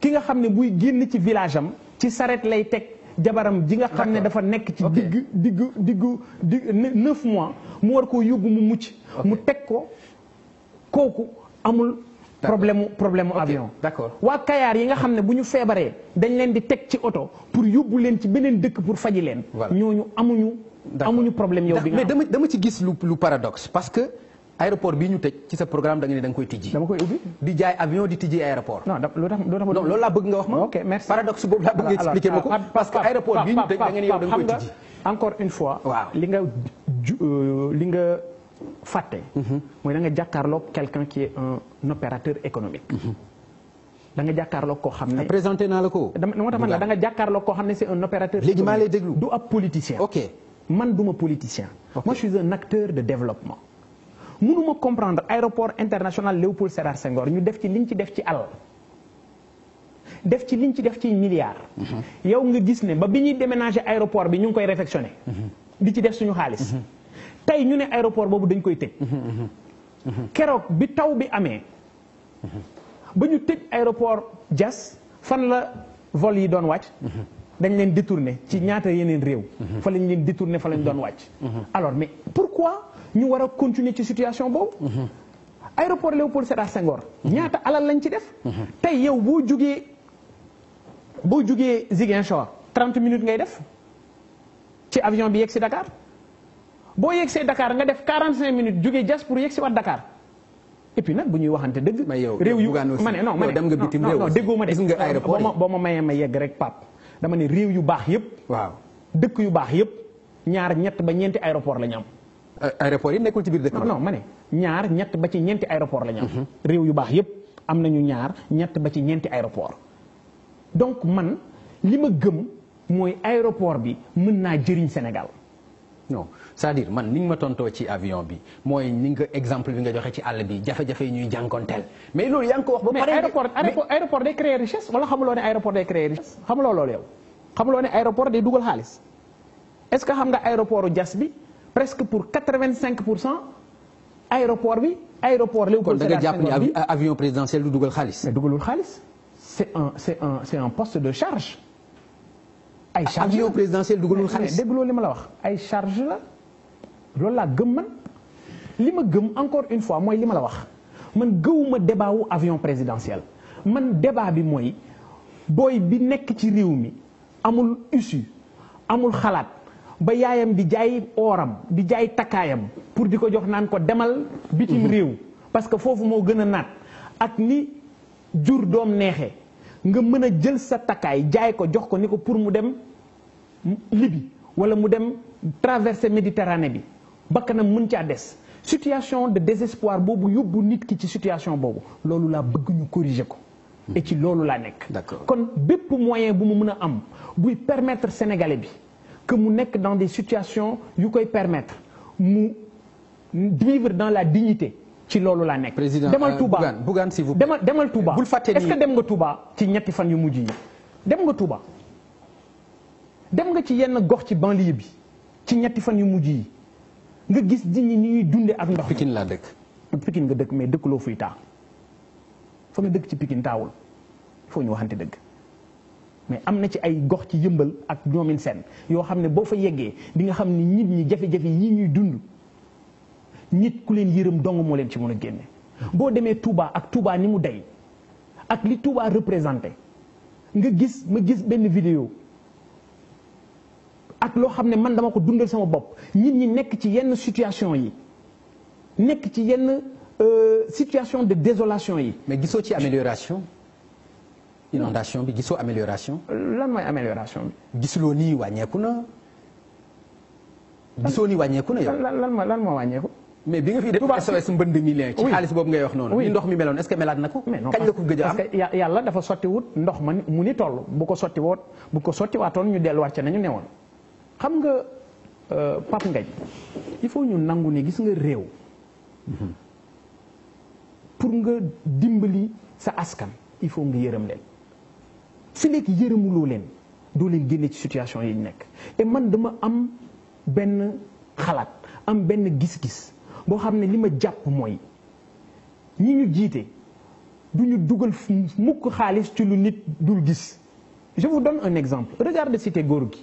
ki nga xam ne buy génn ci village am ci saret lay teg jabaram ji nga xam ne dafa nekk ci digg digg diggu digg neuf mois mu war koo yóbbu mu mucc mu teg ko kooku amul problème problème mu avion. d'accord wa kayar yi nga xam buñu bu dañ leen di teg ci auto pour yóbbu leen ci benen dëkk pour faji leen. ñoñu amuñu. amuñu problème yow bi mais dama dama ci gis lu lu paradoxe parce que. aéroport bi ñu tëj ci sa programme da nga ne da koy tijji. dama koy ubbi di jaay avion di tijji aéroport. non lu tax lu tax non loolu la bëgg nga wax ma. ok merci paradoxe boobu la bëgg nga expliquer mako parce que aéroport bi ñu tëj da nga ne yow da koy tijji. encore une fois. li nga li nga Faté. Mhm. mooy da nga jàkkaarloog quelqu'un qui est un opérateur économique. Mhm. da nga jàkkaarloog ko xamné ah, présenté naa la ko. dama moo man da nga jàkkaarloog ko xamné c'est un opérateur. léegi maa lay déglu du ap politicien. ok man duma politicien. moi je suis un acteur de développement. mënuma comprendre aéroport international Léopold Sédar Senghor ñu def ci liñ ci def ci al def ci liñ ci def ci milliards. Mhm. yow nga gis ne ba bi ñuy déménager aéroport bi ñu ngi koy réfectionner. di ci def suñu xaalis tay ñu un aéroport bobu dañ koy nous mhm, mhm, mhm. kérok bi taw bi ba aéroport Diass fan la vol yi doon wacc dañ leen détourné ci ñaata yeneen réew. fa lañ leen fa alors mais pourquoi nous war continuer ci situation boobu. aéroport Léopold Sédar ñaata alal lañ ci def. yow 30 minutes ngay def ci avion Dakar. bo yegsee Dakar nga def 45 minutes djougué jass pour yegsi wat Dakar et puis nak buñuy waxanté deug dëgg. yow réew yu ma ne non mané dem nga bitim rew non déggoo ma de gis nga aéroport yi boo ma mayee ma yegg rek pap dama né rew yu bax yépp waaw dëkk yu bax yépp ñaar ñett ba ñenti aéroport la ñam aéroport yi nekkul ci biir dëkk non mané ñaar ñett ba ci ñenti aéroport la ñam mhm. rew yu bax yépp am nañu ñaar ñett ba ci ñenti aéroport donc man lima gëm moy aéroport bi mën naa jëriñ Sénégal non. c'est-à-dire man ni ma tonto ci avion bi moy ni nga exemple bi nga joxe ci àll bi jafé jafé ñuy jankontel mais loolu yang ko wax ba pare. mais aéroport aéroport day créer richesse wala xamuloo ne aéroport day créer richesse lo loolu yow xamuloo ne aéroport day dugal xaalis est-ce que xam nga aéroport jas bi presque pour 85 aéroport bi aéroport Léopold Sédar da nga ni avion présidentiel du mais c'est un c'est un c'est un poste de charge. ay charge avion présidentiel dugalul xaalis dégguloo li ma la wax ay charge la loolu la gëm man lima gëm encore une fois moy lima la wax man gëwuma débat wu avion présidentiel man débat bi moy Boy, bi nek ci réew mi amul issue amul xalaat ba yaayam di jaay oram di jaay takayam pour di jox nan ko demal bitim mhm. réew parce que fofu mo gën nat ak ni jur dom nexé nga mën jël sa takay jaay ko jox ko niko pour mu dem libi wala mu dem traverser Méditerranée bi bakkanam mën caa des situation de désespoir bobu yobou nit ki ci situation bobu loolu la bëgg ñu corriger ko hmm. et ci loolu la nek d'accord kon bépp moyen bu mu mëna am buy permettre sénégalais bi que mu nek dans des situations yu koy permettre mu vivre dans la dignité ci la nek président demal euh, Touba Bougane s'il vous plaît demal Touba est-ce que dem nga Touba ci ñetti fan yu mujj yi dem nga Touba dem nga ci yenn gox ci banlieue bi ci ñetti fan yu mujj nga gis nit ñi ñuy dunde ak ndox. Pikine laa dëkk. Pikine nga dëkk mais dëkkuloo fuy taa foo nga dëkk ci Pikine taawul il faut ñu waxante dëgg mais am na ci ay gox ci yëmbal ak ñoomin seen yoo xam ne boo fa yeggee di nga xam ni nit ñi jafe-jafe yi ñuy dund nit ku leen yërëm dong moo leen ci mën a génne. boo demee Touba ak Touba ni mu day ak li tuuba représenté nga gis ma gis benn vidéo. ak lo xam man dama ko dundal sama bop nit ñi nek ci yenn situation yi nek ci yenn euh, situation de désolation yi. mais gisso ci amélioration. inondation bi gisso amélioration. lan moy amélioration bi. gisuloo nii wàññeeku na. gisoo ni wañeku na lan lan lan moo mais bi nga fi def SOS mbënd mi leen. ci xaalis bobu ngay wax non ni ndox mi melone est-ce que melaat na ko. kañ la ko gëj a am parce que yàlla dafa soti wut ndox man mu ni toll bu ko soti wot bu ko soti watone ñu wat ci nañu newoon xam nga euh, pap Ngagne il faut ñu nangu ne gis nga réew pour nga dimbali sa askan il faut nga yërëm leen fi léegi yërëmuloo leen doo leen génne ci situation yi ñu nekk et man dama am benn xalaat am benn gis-gis boo xam ne li ma jàpp mooy ñi ñu jiite du ñu dugal mukk xaalis ci lu nit dul gis je vous donne un exemple regardez cité góor gi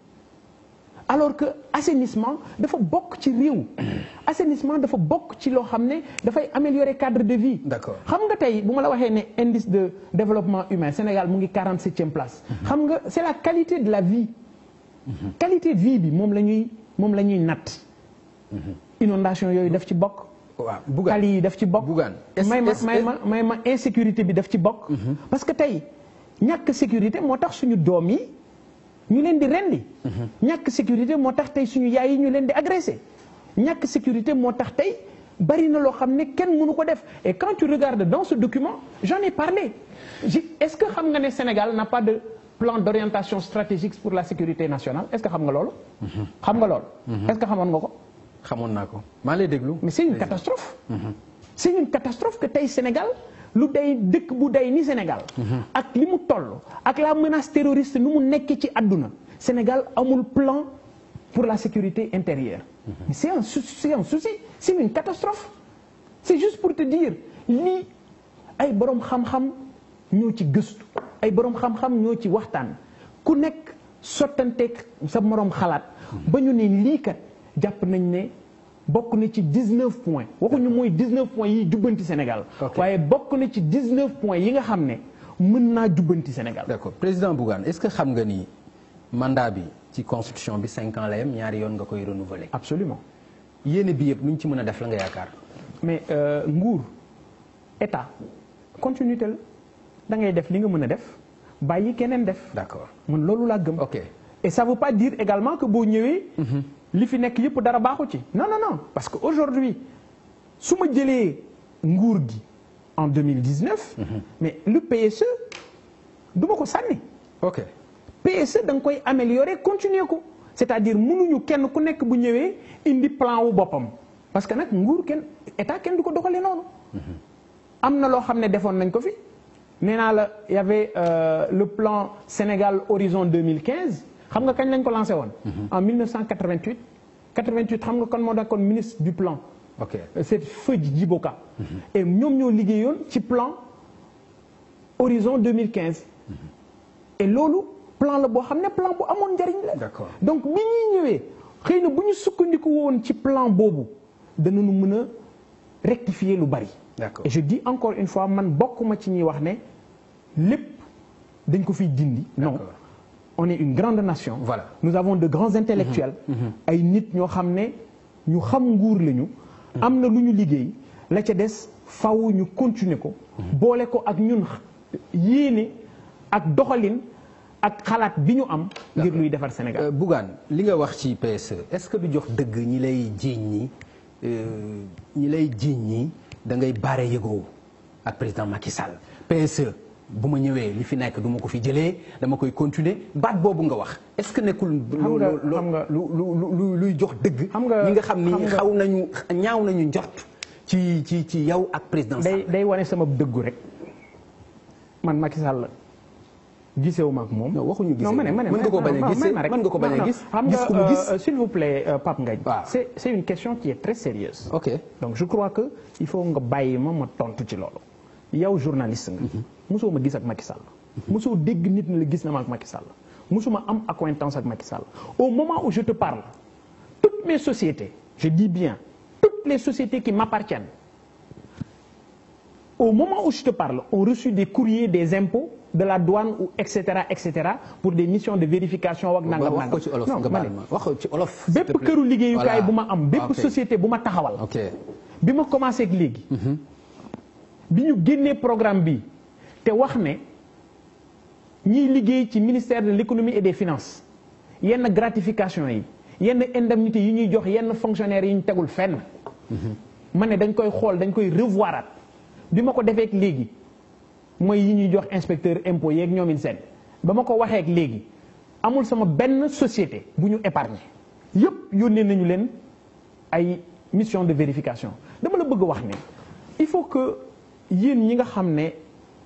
alors que assainissement faut beaucoup ci réew. assainissement faut beaucoup ci lo xamné da fay améliorer cadre de vie. d'accord xam nga tay buma la waxé né indice de développement humain Sénégal mo ngi 47e place. Mhm. xam nga c'est la qualité de la vie. Mhm. qualité de vie bi mom lañuy mom lañuy nat mhm. inondation yooyu daf ci bok waaw bugaan tali yi daf ci bok bugaan may ma insécurité bi daf ci bok parce que tay ñak sécurité moo tax suñu domi ñu leen di rendi ñak sécurité moo tax sécurité, suñu yaay yi ñu N'y di agressé ñak sécurité moo tax tey bari na lo xamné kenn mënu ko def et quand tu regardes dans ce document j'en ai parlé est-ce que xam nga né Sénégal n'a pas de plan d'orientation stratégique pour la sécurité nationale est-ce que xam nga lolu xam nga est-ce que xamoon nga ko xamoon naa ko lay déglu mais c'est une catastrophe mhm. c'est une catastrophe que tay Sénégal lu day dëkk bu day ni Sénégal. Mhm. ak li toll ak la menace terroriste nu mu nekkee ci àdduna Sénégal amul plan pour la sécurité intérieure. Mhm. c'est un c'est un souci c'est une catastrophe c'est juste pour te dire lii ay borom xam-xam ñoo ci gëstu ay borom xam-xam ñoo ci waxtaan ku nekk sottanteeg sa morom xalat mhm. ba ñu ne kat japp nañ ne bokku ni ci 19 points ñu moy 19 points yi jubanti Sénégal waye bokku ni ci 19 points yi nga xam ne mën naa Sénégal d'accord président Bougane est-ce que xam nga ni mandat bi ci constitution bi 5 ans la yem ñaari yoon nga koy renouveler absolument yene bi yëpp lu ci mën def la nga yaakar mais euh, nguur état continuité da ngay def li nga mën def bayyi keneen def d'accord man loolu la gëm ok et ça veut pas dire également que boo ñëwee mm-hmm li fi nek yëpp dara baaxu ci non non non parce que aujourd'hui su ma jëlee en 2019 mhm. mais le PSE du ma ko sànni PSE da nga koy améliorer continuer ko c'est-à-dire mënuñu kenn ku nekk bu ñëwee indi plan wu boppam parce que nag nguur kenn état kenn du ko doxalee noonu mhm. am na loo xam ne defoon nañ ko fi nee naa y avait euh, le plan Sénégal horizon 2015 xam nga kañ lañ ko lancé woon. Mhm. en 1988. 88 xam nga kon moo nekkoon ministre du plan. ok c'est feu Djiboka. Mhm. et ñoom ñoo liggéeyoon ci plan horizon 2015. Mhm. et loolu plan la boo xam ne plan bu amoon njariñ la. d'accord donc bi ñuy ñëwee xëy na bu ñu sukkandiku woon ci plan boobu danañu mën a rectifier lu bari. d'accord et je dis encore une fois man bokkuma ci ñuy wax ne lépp dañ ko fiy dindi. non on est une grande nation. voilà nous avons de grands intellectuels. Mhm. Mhm. ay nit ñoo xamné ñu xam nguur lañu. Mhm. am luñu liggéey la des faaw ñu continuer ko. bolé ko ak ñun yini ak doxalin ak xalaat am. ngir luy défar Sénégal. Euh, Bougane li nga wax ci PSE est-ce que vous jox deug ñi lay jigni, euh ñi lay da ngay ak président Macky Sall PSE buma ñëwé li fi nekk duma ko fi jëlé dama koy continuer baat bobu nga wax est-ce que nekkul. xam lu lu luy jox deug ñi nga xam xaw nañu ñaaw nañu njort. ci ci ci yow ak président day day wane sama deug rek man Macky Sall gisewu ma ak moom. non waxuñu gisee non man man nga ko bañ a man nga ko bañ a gis. gis ku gis s'il vous plaît euh, Pape Ngagne. c'est c'est une question qui est très sérieuse. ok donc je crois que il faut nga bayima ma tontu ci lolu yow journaliste nga. Mhm musuma ma gis ak Macky Sall mosoo dégg nit ñi la gis na ma ak Macky Sall mosuma am acquaintance ak Macky Sall au moment où je te parle toutes mes sociétés je dis bien toutes les sociétés qui m'appartiennent au moment où je te parle ont reçu des courriers des impôts de la douane ou etc etc pour des missions de vérification wak nangam nangam wax ko ci olof nga baal ma wax ko ci olof bépp këru am bépp ah, société buma taxawal bi ma commencé ak léegi mhm. bi ñu génnee programme bi te wax ne ñiy liggéey ci ministère de l'économie et des finances yenn gratification yi yenn indemnité yi ñuy jox yenn fonctionnaires yi ñu tegul fenn mm-hmm. ma ne dañ koy xool dañ koy revoirat bi ma ko defee ak léegi mooy yi ñuy jox inspecteur impôt yeeg ñoomin seen ba ma ko waxee ak léegi amul sama benn société bu ñu épargné yëpp yónnee nañu leen ay mission de vérification dama la bëgg wax ne il faut que yéen ñi nga xam ne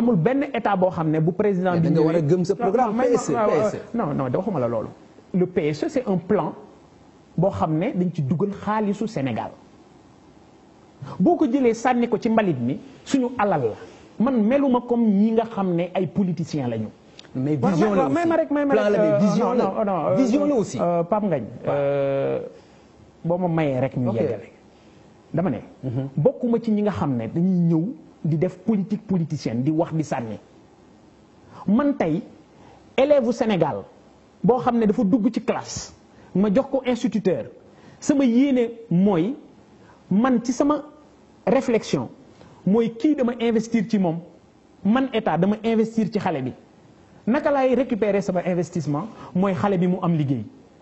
amul ben état bo xamné bu président bi nga war gëm sa programme PSE e. euh, non non waxuma la lolu le PSC e, c'est un plan bo xamné dañ ci duggal xaalisu Sénégal boo ko jëlee ko ci mbalit ni suñu alal la man meluma comme ñi nga xamné ay politiciens lañu mais vision la mais ma rek mais ma rek vision la vision euh, la aussi euh Pape Ngagne euh bo ma mayee rek ñu yeggale dama ne mhm. bokkuma ci ñi nga xamné ne dañuy ñëw di def politique politicienne di wax di sanni man tay élève Sénégal bo xam dafa dugg ci classe ma jox ko instituteur sama yéene moy man ci sama réflexion moy ki dama investir ci mom man état dama investir ci xale bi naka lay récupérer sama investissement moy xale bi mu am liguey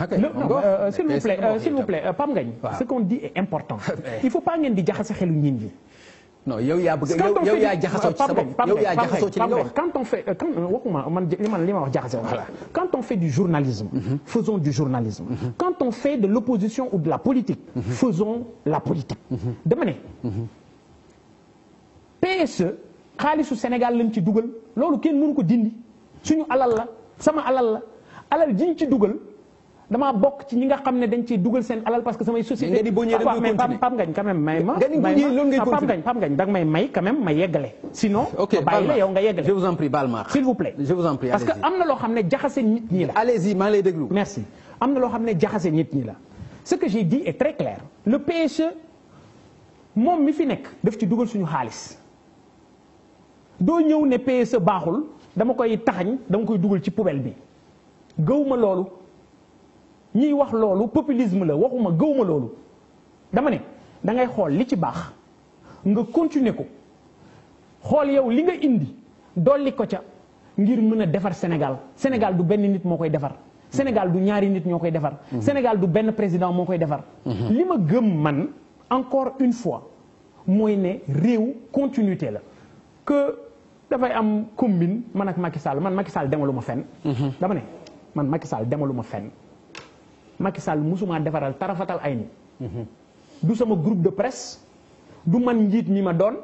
Ah, okay. non, euh, euh, s'il vous plaît, euh, s'il vous plaît, euh, Pam Gagne, ce qu'on dit est important. Il faut pas ngeen di jaxase xelu nit ñi. non yow yaa bëgg yow yaa jaxasoo ci sa bopp yow yaa jaxasoo ci li quand on fait quand waxuma man li ma li ma wax jaxase voilà quand on fait du journalisme mhm. faisons du journalisme mhm. quand on fait de l'opposition ou de la politique mhm. faisons la politique dama ne PSE xaalisu Sénégal lañ ci dugal loolu kenn mënu ko dindi suñu alal la sama alal la alal jiñ ci dugal dama bok ci ñi nga xam dañ ci duggal seen alal parce que samay société nga di boo ñëwee mais Pape Ngagne quand même may ma ah, Pape Ngagne Pape Ngagne da nga may may quand même ma yeggalé sinon ok bàyyi yow nga yeggalé je vous en prie baal s'il vous plaît je vous en prie parce que amna lo loo xam jaxase nit ñi la allez-y maa lay déglu merci amna lo loo xam jaxase nit ñi la ce que j'ai dit est très clair le PSE mom mi fi nek daf ci duggal suñu xaliss do ñew ne PSE baxul dama koy taxañ dama koy duggal ci poubelle bi gëwma loolu ñiy wax loolu populisme la waxuma gëwma loolu dama ne da ngay xool li ci baax nga continuer ko xool yow li nga indi dolli ko ca ngir mën a defar Sénégal Sénégal du benn nit moo koy defar Sénégal du ñaari nit ñoo koy defar mhm. Sénégal du benn président moo koy defar mhm. li ma gëm man encore une fois mooy ne réew continuité la que dafay am combine man ak Macky Sall man Macky Sall demalu ma fenn mhm. dama ne man Sall demalu ma fenn Macky Sall musuma defaral tarafatal ay ni mhm. du sama groupe de presse du man njit mi ma doon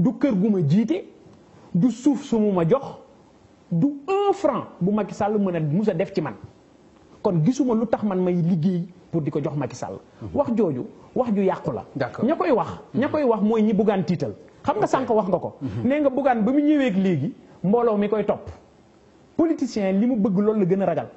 du kër guma jité du souf su ma jox du 1 franc bu Macky Sall mën musa def ci man kon gisuma lutax man may liggéey pour diko jox Macky Sall mhm. wax joju wax ju yàqu la ña wax ñakoy mhm. wax moy ñi bugan tiital xam nga sank wax nga ko nee nga bu mi mu ak légui mbolo mi koy top politicien limu bëgg loolu la ragal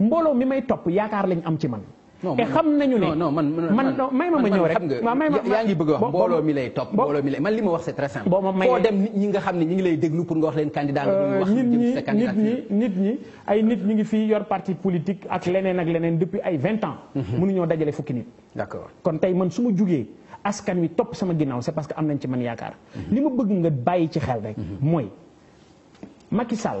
mbooloo mi may topp yaakaar lañ am ci man. te xam nañu ne non man man may ma ma ñëw rek waaw may ma yaa ngi bëgg a wax mbooloo mi lay topp man li ma wax c'est très simple boo ma may foo dem nit ñi nga xam ne ñi ngi lay déglu pour nga wax leen candidat nga euh, wax nit ñi nit ñi nit ñi ay nit ñi ngi fii yor parti politique ak leneen ak leneen depuis ay vingt ans mhm. ñoo dajale fukki nit d'accord kon tey man su ma jugee askan wi topp sama ginnaaw c'est parce que am nañ ci man yaakaar mhm. li ma bëgg nga bàyyi ci xel rek mhm. mooy Macky Sall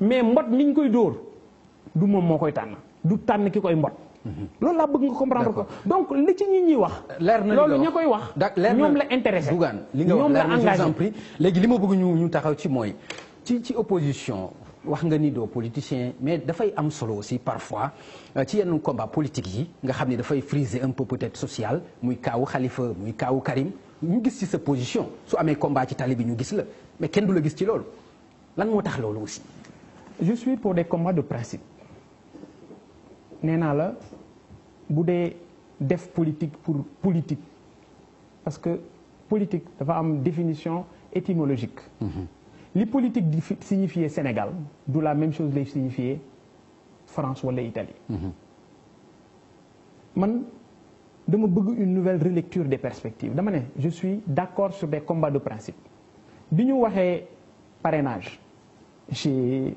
mais mbot niñ koy door du mom moo koy tànn du tànn ki koy mbot. Mhm. loolu la bëgg nga comprendre ko donc li ci nit ñi wax. lèr na loolu ña wax. ñoom la intéressé Bougane li nga wax leer na je vous en li ma bëgg ñu ñu taxaw ci moy ci ci opposition. wax nga ni do politicien mais da fay am solo aussi parfois euh, ci yenn combat politique yi nga xamni da fay friser un peu peut-être social muy kaawu Khalifa muy kaawu Karim ñu gis ci sa position su amé combat ci tali ñu gis la mais kenn du la gis ci lolu lan mo tax lolu aussi je suis pour des combats de principe Je suis la des def pour politique parce que politique dafa une définition étymologique mhm. Les politiques signifiaient Sénégal d'où la même chose les signifiaient France l'Italie. l'Italie. Mhm. man dama bëgg une nouvelle relecture des perspectives je suis d'accord sur des combats de principe bi ñu parrainage j'ai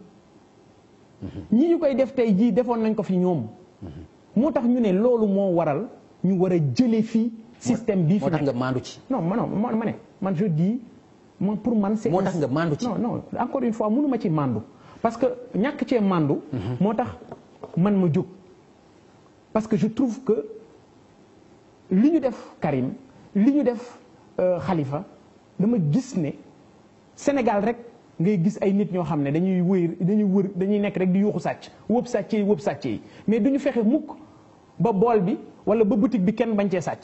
ñi ñu def tay ji defon nañ ko fi ñom motax ñu né lolu mo waral ñu système bi fi nga ci. non je dis pour man. c'est motax nga non non encore une fois mënu ci mandu parce que ñak ci mandu motax mhm. man parce que je trouve que li ñu def Karim li ñu def euh, Khalifa dama gis né Sénégal rek. ngay gis ay nit ñoo xam ne dañuy wër dañuy wër dañuy nekk rek di yuuxu sàcc wëpp sàcc yi wëpp sàcc yi mais du ñu fexe mukk ba bool bi wala ba boutique bi kenn bañ cee sàcc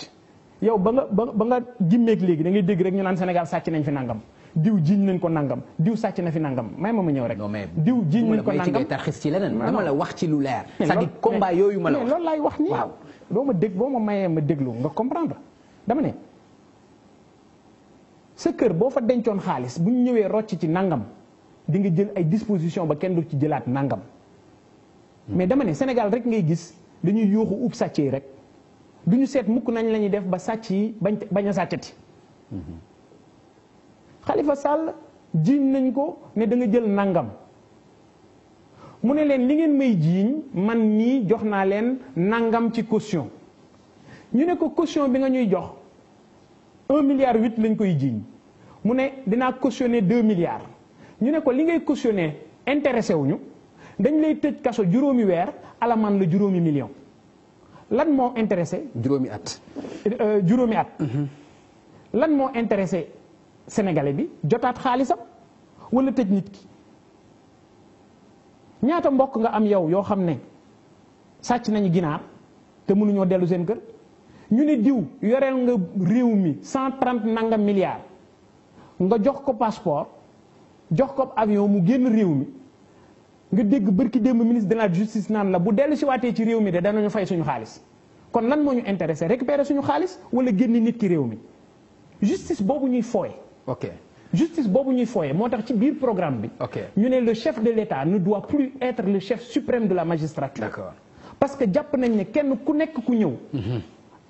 yow ba nga ba nga jimmeek léegi da ngay dégg rek ñu naan Sénégal sàcc nañ fi nangam diw jiñ nañ ko nangam diw sàcc na fi nangam may ma ma ñëw rek. diw jiñ nañ ko nangam tarxis ci leneen dama la wax ci lu leer. cest à combat yooyu ma la wax. loolu laay wax nii. waaw doo ma dégg boo ma maye ma déglu nga comprendre dama ne sa kër boo fa dencoon xaalis bu ñu ñëwee rocc ci nangam di nga jël ay disposition ba kenn du ci jëlaat nangam. mais dama ne Sénégal rek ngay gis dañuy yooxu ub sàcc rek du ñu seet mukk nañ la ñuy def ba sàcc yi bañ bañ a sàccati. xalifa sàll jiiñ nañ ko ne danga jël nangam mu ne leen li ngeen may jiiñ man nii jox naa leen nangam ci caution ñu ne ko caution bi nga ñuy jox. un milliard huit lañ koy jiiñ mu ne dinaa cautionner deux milliards ñu ne ko li ngay cautionner intéressé wuñu dañ lay tëj kaso juróomi weer alamaan la juróomi million lan moo intéressé juróomi at euh, juróomi at mm-hmm. lan moo intéressé sénégalais bi jotaat xaalisam wala tëj nit ki ñaata mbokk nga am yow yoo xam ne sàcc nañu ginaar te mënuñoo dellu seen kër ñu ne diw yorel nga réew mi cent nangam milliards nga jox ko passeport jox ko avion mu génn réew mi nga dégg barki démb ministre de la justice naan la bu dellu si waatee ci réew mi de danañu fay suñu xaalis kon lan moo ñu intéressé récupérer suñu xaalis wala génn nit ki réew mi justice boobu ñuy fooye ok justice boobu ñuy fooye moo tax ci biir programme bi ñu ne le chef de l'État ne doit plus être le chef suprême de la magistrature d'accord parce que jàpp nañ ne kenn ku nekk ku ñëw mhm.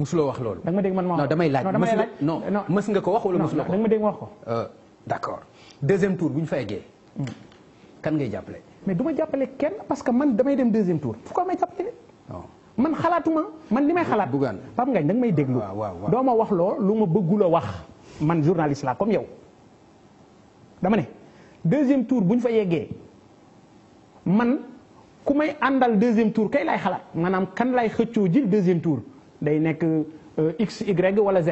musuloo wax loolu. da nga ma dégg man ma wax non damay laaj. non damay laaj non nga ko wax wala musuloo ko. non da nga ma wax ko. Euh, d'accord deuxième tour bu ñu fa eggee. kan ngay jàppale. mais du ma jàppale kenn parce que man damay dem deuxième tour pourquoi may jàppale. man xalaatuma man li may xalaat. bugaan Pape Ngagne da nga may déglu. Ah, waaw doo ma wax loo lu ma bëggula wax. man journaliste laa comme yow. dama ne deuxième tour bu ñu fa yeggee man ku may àndal deuxième tour kay laay xalaat maanaam kan laay xëccoo jil deuxième tour. day nek euh, x y wala z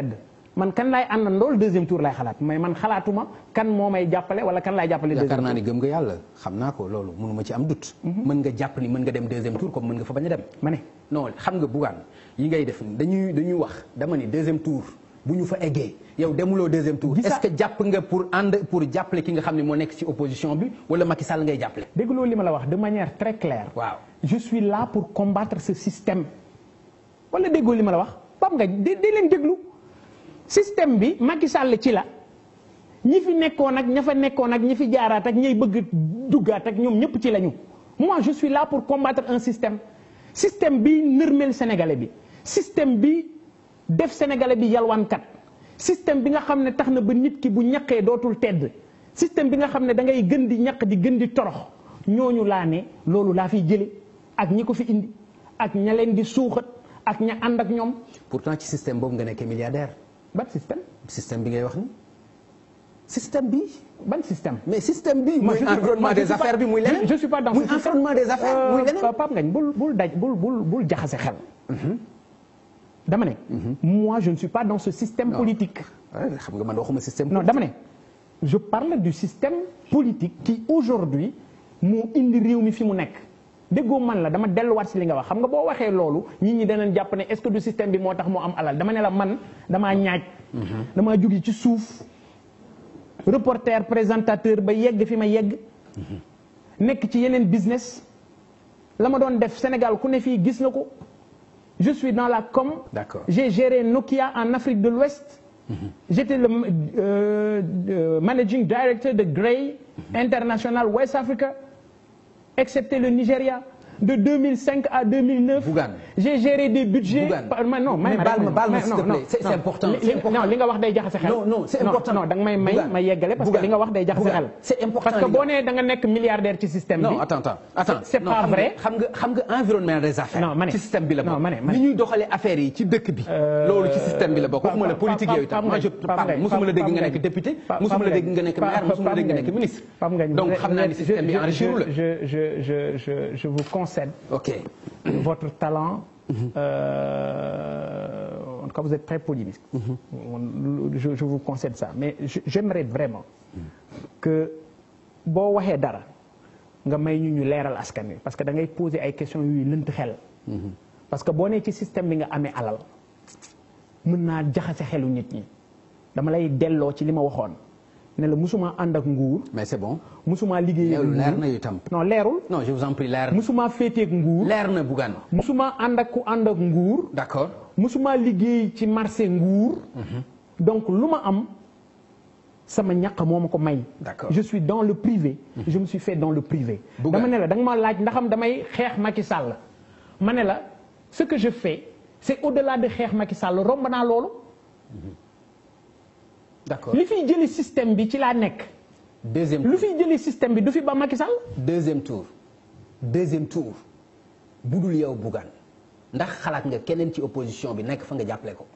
man kan andal àndandool deuxième tour lay xalat mais man xalatuma kan momay may wala kan lay jàppale. deuxième tour yaakaar ni gëm nga yalla xamna ko loolu mënuma ci am doute. Mhm. mën nga japp ni mën nga dem deuxième tour comme mën nga fa baña dem. Mané, non xam nga Bougane yi ngay def dañuy dañuy wax dama ni deuxième tour buñu fa eggee yow demulo deuxième tour. est-ce que japp nga pour and pour jappalé ki nga xamni mo nek ci opposition bi wala Macky Sall ngay jappalé dégg loolu li ma la wax de manière très claire. Wow. je suis là pour combattre ce système wala déggoo li ma la wax pam nga di di leen déglu système bi Macky Sall ci la ñi fi nekkoon ak ña fa nekkoon ak ñi fi jaaraat ak ñay bëgg duggaat ak ñoom ñëpp ci lañu moi je suis là pour combattre un système système bi nërmeel sénégalais bi système bi def sénégalais bi yalwaankat système bi nga xam ne tax na ba nit ki bu ñaqee dootul tedd système bi nga xam ne da ngay gën di ñaq di gën di torox ñooñu laa ne loolu laa fiy jële ak ñi ko fi indi ak ña leen di suuxat ak ñi and ak ñom pourtant ci système bobu nga nekkee milliardaire ban système système bi ngay wax ni système bi ban système mais système bi muy environnement des affaires bi muy leneen je suis pas dans muy environnement des affaires muy euh, leneen Pape Ngagne bul bul daj bul bul bul jaxase xel mhm. dama ne mhm. moi je ne suis pas dans ce système politique xam nga man waxuma système non dama ne je parle du système politique qui aujourd'hui mo indi réew mi fi mu nekk déggoo man la dama delluwaat si li nga wax xam nga boo waxee loolu nit ñi danañ jàpp ne est-ce que du système bi moo tax moo am alal dama ne man damaa ñaaj mhm. dama jóge ci suuf reporter présentateur ba yegg fi ma yegg mhm. nekk ci yeneen business la ma doon def Sénégal ku ne fii gis na ko je suis dans la com j'ai géré Nokia en Afrique de l'Ouest mhm. j'étais le euh, euh, managing director de Grey International West Africa excepté le Nigeria de 2005 à 2009. J'ai géré des budgets. Par... mais non, mais balle, balle, s'il te plaît. C'est important. Non, li wax day jaxase xel. Non, non, c'est important. Non, dang may may ma yeggale parce que li nga wax day jaxase xel. C'est important. Parce que boné nee da nga nekk milliardaire ci système bi. Non, attends, attends. Attends. C'est pas vrai. Xam nga xam nga environnement des affaires. Ci système bi la bokk. Ni ñuy doxalé affaires yi ci dëkk bi. Lolu ci système bi la bokk. Waxuma la politique yooyu tam. Moi je parle. Musuma la dégg nga nekk député, musuma la dégg nga nekk maire, musuma la dégg nga nekk ministre. Donc xam naa ni système bi enrichir la. Je je je je vous concerne, Ok. votre talent, mm -hmm. euh, en tout vous êtes très polémique, mm -hmm. je, je, vous concède ça, mais j'aimerais vraiment mhm. que bo waxee dara nga may ñu ñu léral askan parce que da ngay poser ay questions yuy leunt xel mhm. parce que bo né ci système bi nga amé alal mëna naa xelu nit ñi dama lay dello ci lima waxone ne la musuma andak mais c'est bon musuma liguey l'air na itam. non leerul. non je vous en prie l'air musuma féeteeg nguur. l'air na Bougane. musuma andak ak ku ànd nguur. d'accord musuma liguey ci marché nguur. Mhm. donc luma am sama ñaq momako may. d'accord je suis dans le privé. Mhm. je me suis fait dans le privé. dama ne la da ma laaj ndaxam damay xex Macky Sall. ce que je fais c'est au-delà de xex Macky Sall romb d'accord système bi ci la deuxième tour système bi du fi ba deuxième tour deuxième tour budul yow Bougane ndax nga opposition bi nek fa nga jàppale ko.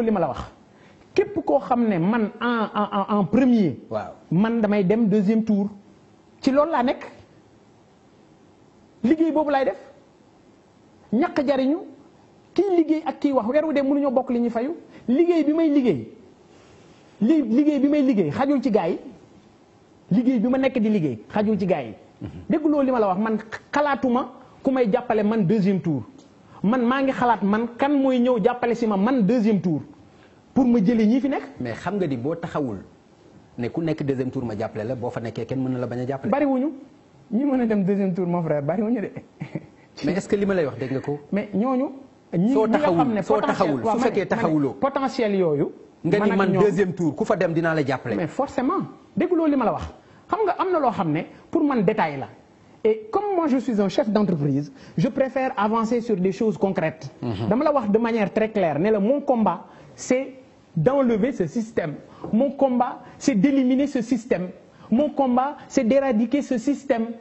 li la wax man en en premier. waaw man dem deuxième tour ci lool la nek. Liguey bobu lay def Ñak jariñu ak wax fayu li liggéey bi may liggéey xajul ci gaa yi liggéey bi ma nekk di liggéey xajul ci gaa yi mhm. dégg loolu li ma la wax man xalaatuma ku may jàppale man deuxième tour man maa ngi xalaat man kan mooy ñëw jàppale si ma man deuxième tour pour ma jëlee ñii fi nekk. mais xam nga di boo taxawul ne ku nekk deuxième tour ma jàppale la boo fa nekkee kenn mën na la bañ a jàppale. bariwuñu ñi mën a dem deuxième tour mon frère bariwuñu de. mais est-ce que li ma lay wax dégg ko. mais ñooñu. ñi nga xam ne soo taxawul soo fekkee taxawuloo. potentiel yooyu. nga ni man deuxième tour kou fa dem dina la mais forcément lo li mala wax xam nga amna lo xamné pour man détail la et comme moi je suis un chef d'entreprise je préfère avancer sur des choses concrètes. Mhm. dama la wax de manière très claire Né le mon combat c'est d'enlever ce système mon combat c'est d'éliminer ce système mon combat c'est d'éradiquer ce système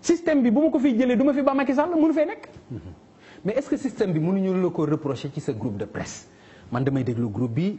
système bi bu ma ko fiy jëlee du fi ba Macky Sall mënu mhm. mais est-ce que système bi ñu le ko reprocher ci groupe de presse man damay déglu groupe bi.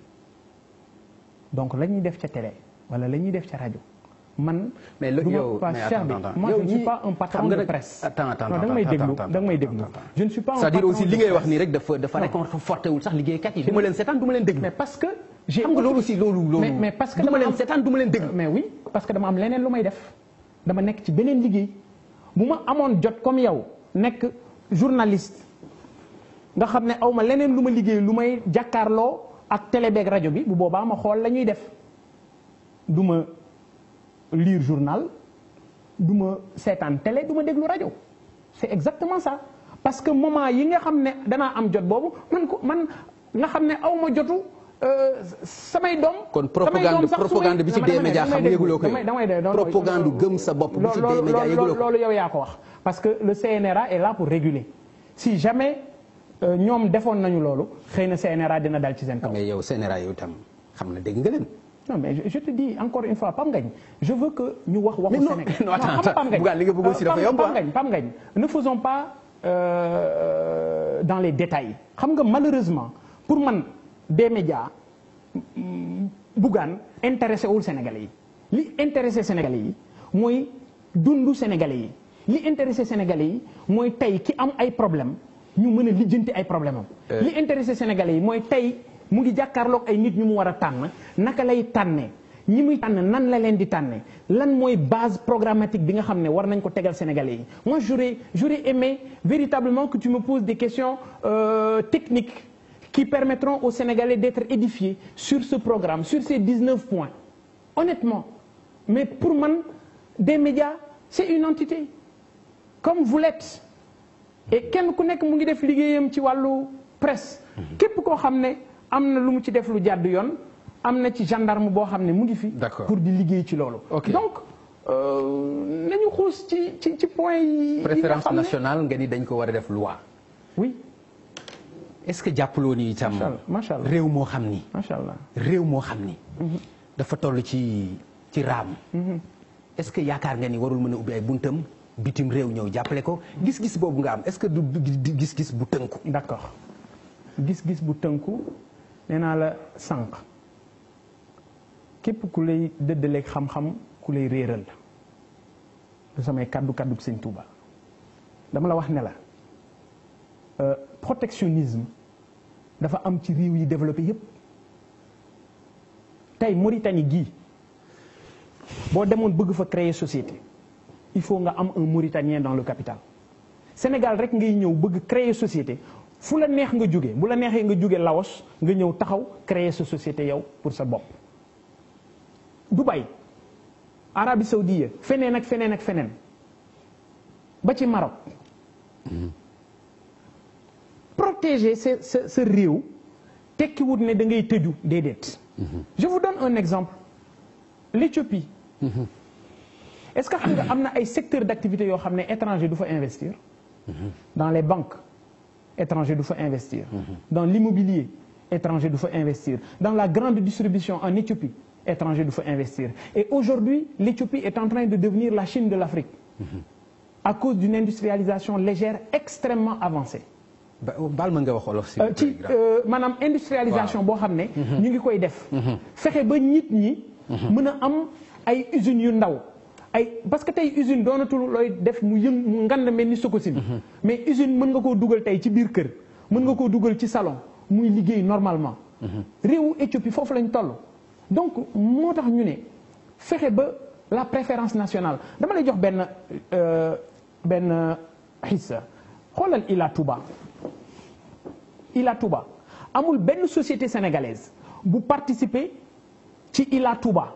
donc lañuy def ci télé wala lañuy def ci radio man. mais yo, yow mais attends attends moi je ne suis pas un patron de presse. attends attends non da nga may déglu da may déglu. je ne suis pas un patron de presse dire aussi li ngay wax ni rek dafa dafa réconforté wul sax kat yi. duma len leen duma len ma mais parce que. j'ai xam nga si loolu loolu. mais parce que duma len du duma len seetaan mais oui parce que dama am lenen lu def dama nek ci benen liguey buma amone jot comme yow nek journaliste nga xam awma lenen luma liguey lu jakarlo ak télé beeg bi bu boba ma xol la def duma lire journal duma sétane télé duma déglu radio c'est exactement ça parce que moment yi nga xamné dana am jot bobu man ko man nga xamné awma aw ma jotu euh, samay dom kon propagande propagande bi ci D-Média xam yëguloo ko propagande gëm sa bop bi ci D-Média yëguloo ko yow yaa ko wax parce que le CNRA est là pour réguler si jamais. Euh, ñoom defoon nañu loolu xëy na CNRA dina dal ci seen kaw. mais yow CNRA yow tam xam na dégg nga leen. non mais je te dis encore une fois Pam Ngagne je veux que ñu wax waxu Sénégal non attends Pam Ngagne Pam ah. Ngagne Pam Ngagne ne faisons pas euh, euh, dans les détails xam nga malheureusement pour man des médias mm, Bougane intéressé wul Sénégalais yi li intéressé Sénégalais yi mooy dundu Sénégalais yi li intéressé Sénégalais yi mooy tey ki am ay problème ñu mën a lijjanti ay problème am. Euh. li intéressé Sénégalais Moi, tay, tey mu ngi jàkkaarloog ay nit ñu mu war a tànn naka lay tànnee ñi muy tànn nan la leen di lan mooy base programmatique bi nga xam war nañ ko tegal Sénégalais moi j'aurais j'aurais aimé véritablement que tu me poses des questions euh, techniques qui permettront aux Sénégalais d'être édifiés sur ce programme sur ces 19 points honnêtement mais pour moi, des médias c'est une entité comme vous l'êtes et kenn ku nekk mu ngi def liggéeyam ci wàllu presse mhm. képp koo xam ne am na lu mu ci def lu jàdd yoon am na ci gendarme boo xam ne mu ngi fi pour di liggéey ci loolu donc euh, nañu xuus ci ci ci point yi préférence nationale nga ni dañ ko war a def loi oui est-ce que jàppaloo ni itam macha allah réew moo xam ni macha allah réew moo xam ni mhm. dafa toll ci ci mhm. est-ce que yaakaar nga ni warul mën a ubbi ay buntam bitim réew ñew jappelé ko gis-gis bobu nga am est-ce que du gis-gis bu tënku d'accord gis-gis bu tënku nee la sank képp ku lay dëddaleeg xam-xam ku lay réeral du samay kaddu kaddu seigne touba dama la wax né la euh protectionnisme dafa am ci réew yi développé yépp tey Mauritanie gii boo demoon bëgg fa créer société il faut nga am un Mauritanien dans le capital Sénégal rek ngay ñëw bëgg créer société fu la neex nga jóge bu la neexé nga jóge Laos nga ñëw taxaw créer sa société yow pour sa bop. Dubaï Arabie Saoudite fenen ak fenen ak fenen. ba ci Maroc protéger ce, ce, sa réew wut né da ngay tëju déedéet mhm. je vous donne un exemple l'Éthiopie mhm est-ce qu'il y a un d'activité étrangers étranger investir dans les banques étrangers il faut investir dans l'immobilier étrangers il faut investir dans la grande distribution en Éthiopie étrangers il faut investir et aujourd'hui l'Éthiopie est en train de devenir la Chine de l'Afrique à cause d'une industrialisation légère extrêmement avancée Madame euh, euh, industrialisation mhm. ñu ngi koy mhm ay parce que tay usine doonatul loy def mu yëng mu ngand melni sokosin mhm. mais usine meun nga ko dugal tay ci bir keur meun nga ko dugal ci salon muy liguey normalement mhm. réewu Éthiopie fofu lañ toll donc motax ñu né fexé ba la préférence nationale dama lay jox euh ben hissa xoolal Ila Touba Ila Touba amul ben société sénégalaise bu participer ci Ila Touba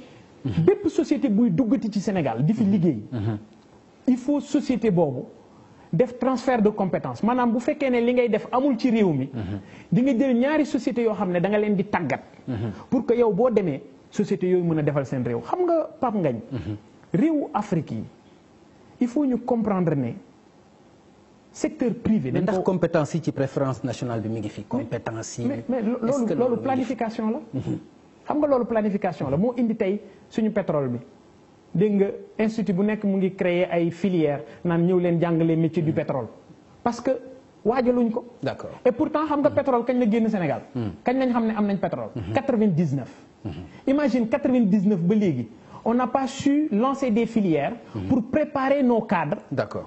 Mhm. bépp société buy duggati ci Sénégal di fi mhm. Mhm. il faut société boobu def transfert de compétences maanaam bu fekkee ne li ngay def amul ci réew mi. di nga jël ñaari société yoo xam ne da nga leen di tàggat. pour que yow boo demee société yooyu mën a defal seen réew xam nga Pape Ngañ. réewu Afrique il faut ñu comprendre né secteur privé. mais ndax compétence ci préférence nationale bi mi ngi fi. compétence mais mais loolu loolu planification la. xam nga loolu planification la moo indi tey suñu pétrole bi dégg nga institut bu nekk mu ngi créer ay filières naan ñëw leen métier du pétrole parce que waajaluñ ko. d'accord et pourtant xam nga mm-hmm. pétrole kañ la génn Sénégal. Mm-hmm. kañ lañ xam ne am nañ pétrole. 99. Mm-hmm. imagine 99 ba on n'a pas su lancer des filières. pour préparer nos cadres.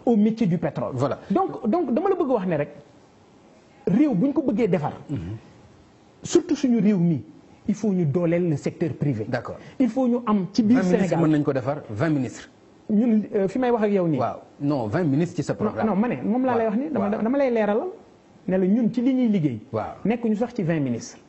au métier du pétrole. donc donc dama la bëgg wax ne rek réew buñ ko bëggee defar. surtout suñu réew mi il faut ñu dooleel le secteur privé. d'accord il faut ñu am ci biir Sénégal mën nañu ko defar 20 ministres. ñun euh, fi may wax ak yow ni non 20 ministres ci ce programme. non mané mom la laa lay wax ni dama dama lay léral né la ñun ci li ñuy liggéey. waaw nekk ñu sax ci 20 ministres.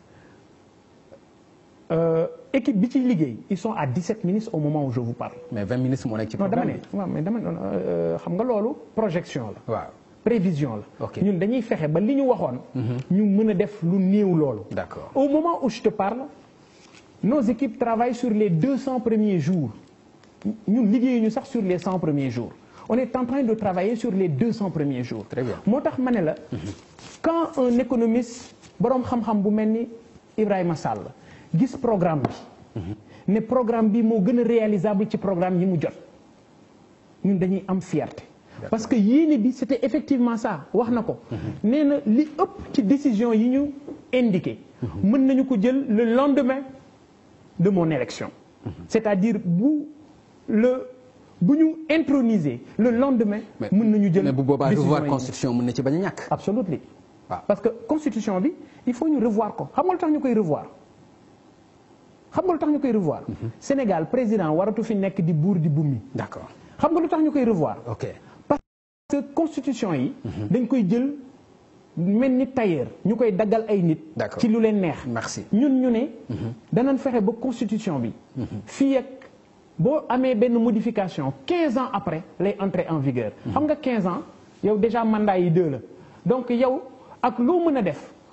Euh, équipe bi ci liggéey ils sont à 17 ministres au moment où je vous parle. mais 20 ministres moo nekk ci programme non dama ne waaw mais dama euh xam nga lolu projection la prévision Nous ñun faire ce ba li ñu nous mhm. ñu mën ce def lu néew d'accord au moment où je te parle nos équipes travaillent sur les 200 premiers jours ñun liggéeyuñu sax sur les 100 premiers jours on est en train de travailler sur les 200 premiers jours. très bien mhm. quand un économiste Borom xam-xam bu mel Ibrahima Sall gis programme bi. Mhm. ne programme bi moo gën réalisable ci programme Nous mu jot ñun dañuy fierté parce que yéene bi c'était effectivement ça wax na ko mhm. li ëpp ci décision yi ñu indiqué mhm. mën nañu ko jël le lendemain de mon élection mhm. c'est-à-dire bu le bu ñu introniser le lendemain mën nañu jël mais bu boobaa revoir constitution mën na ci baña ñak. ñàkk absolument ah. parce que constitution bi il faut ñu revoir ko xam nga lu tax ñu koy revoir xam nga lu tax ñu koy revoir Sénégal président waratu fi nekk di bour di bumi d'accord xam nga lu tax ñu koy revoir Okay. Cette constitution nous mhm. avons koy jël nous tailleur koy daggal ay nit. ci mhm. constitution Si nous mhm. ak une modification 15 ans après elle est entrée en vigueur. xam nga 15 ans yow déjà mandat idéal. Donc, la donc yow ak loo mën faire.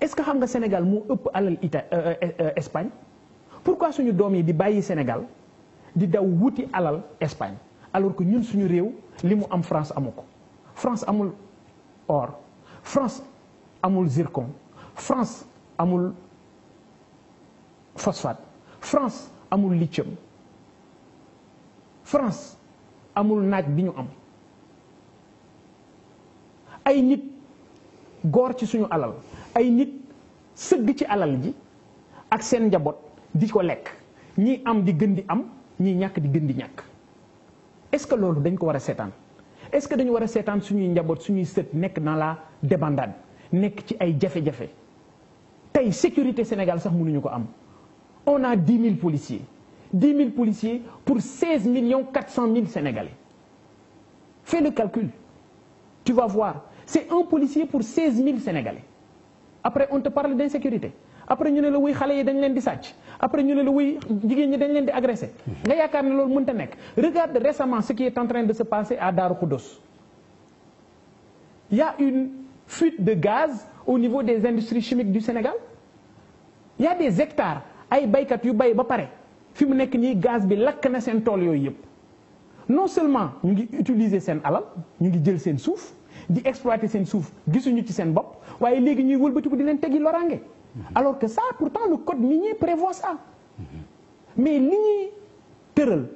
est-ce que xam nga Sénégal moo ëpp alal Ita euh, euh, euh, Espagne pourquoi suñu doom yi di bàyyi Sénégal di daw wuti alal Espagne alors que ñun suñu réew li mu am France amu ko France amul or France amul zircon France amul phosphate France amul lithium France amul naaj bi ñu am ay nit góor ci suñu alal ay nit qui ci alal ji ak seen njaboot di ko lek ñi am di ils am ñi ñak di de di est-ce que loolu dañ ko war est-ce que dañu war a suñuy suñuy dans la débandade nekk ci ay jafe-jafe tey sécurité Sénégal sax mënuñu ko am on a dix mille policiers dix mille policiers pour 16 millions quatre Sénégalais fais le calcul tu vas voir c'est un policier pour 16 mille Sénégalais après on te parle d'insécurité après ñu ne la wuy xalé yi dañ leen di après ñu ne la wuy jigéen ñi dañ leen di agressé nga yaakaar ne loolu mënta nekk regarde récemment ce qui est en train de se passer à Daru Koudos. il y a une fuite de gaz au niveau des industries chimiques du Sénégal il y a des hectares ay baykat yu bay ba paré fi mu nekk gaz bi lakk na seen tool yooyu yëpp non seulement ñu ngi utiliser seen alal ñu ngi jël seen suuf di exploiter seen suuf gisuñu ci seen bopp waaye léegi ñuy wëlbatiku di leen tegi loraange mm-hmm. alors que ça pourtant le code minier prévoit ça mm-hmm. mais li ñuy tëral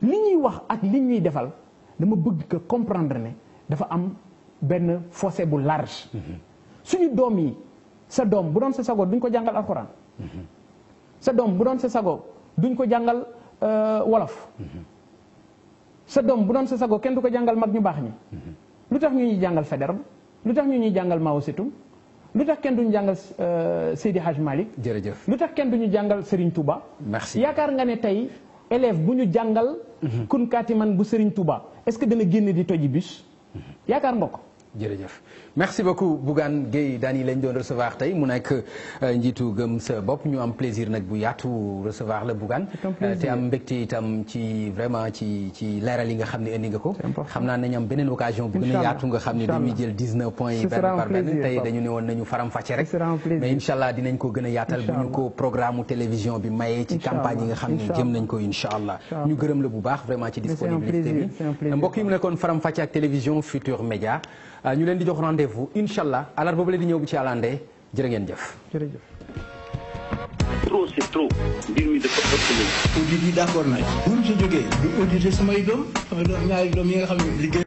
li ñuy wax ak li ñuy defal dama bëgg que comprendre ne dafa am benn fossé bu large mm-hmm. suñu doom yi sa doom bu doon sa sago duñ ko jàngal alxuraan sa doom bu doon sa sago duñ ko jàngal euh, wolof sa doom bu doon sa sago kenn du ko jàngal mag ñu baax ñi lutax ñu ñi jangal Faidherbe lutax ñu ñi jangal Mao Zedong lu kenn duñu Serintuba. Seydi Hadj malik jërëjëf lu tax kenn duñu jangal Serigne Touba. merci yaakar nga ne tay élève buñu jangal mhm. kun katiman bu Serigne Touba est-ce que dana génn di toji bus. Mhm. yaakar mbok merci beaucoup Bougan Gueye Dani lañ doon recevoir tey mu nekk euh, njiitu gëm sa bopp ñu am plaisir nag bu yaatu recevoir la Bougan. Euh, te am mbégte itam ci vraiment ci ci leeral yi nga xamni ne indi nga ko xamna naa nañu am beneen occasion bu gën a yaatu nga xamni ne dañuy jël 19 points yi par benn tay dañu néwon nañu faram fàcce rek mais inshallah allah dinañ ko gëna a yaatal bu ñu ko programme télévision bi mayé ci campagne yi nga xamni ne jëm nañ ko inshallah ñu gërëm la bu baax vraiment ci disponibilité bi mbokk yi mu nekkoon faram fàcce ak télévision Futur Média euh, ñu leen di jox rendez-vous incha allah àllarba ba di ñëw bu ci àllandee jërë ngeen jëf. trop c'est trop mbir mi dafa ëpp léegi. auditeurs d'accord nañ. bu ñu si jógee du auditer samay doom samay doom doom yi nga xam ne liggéey.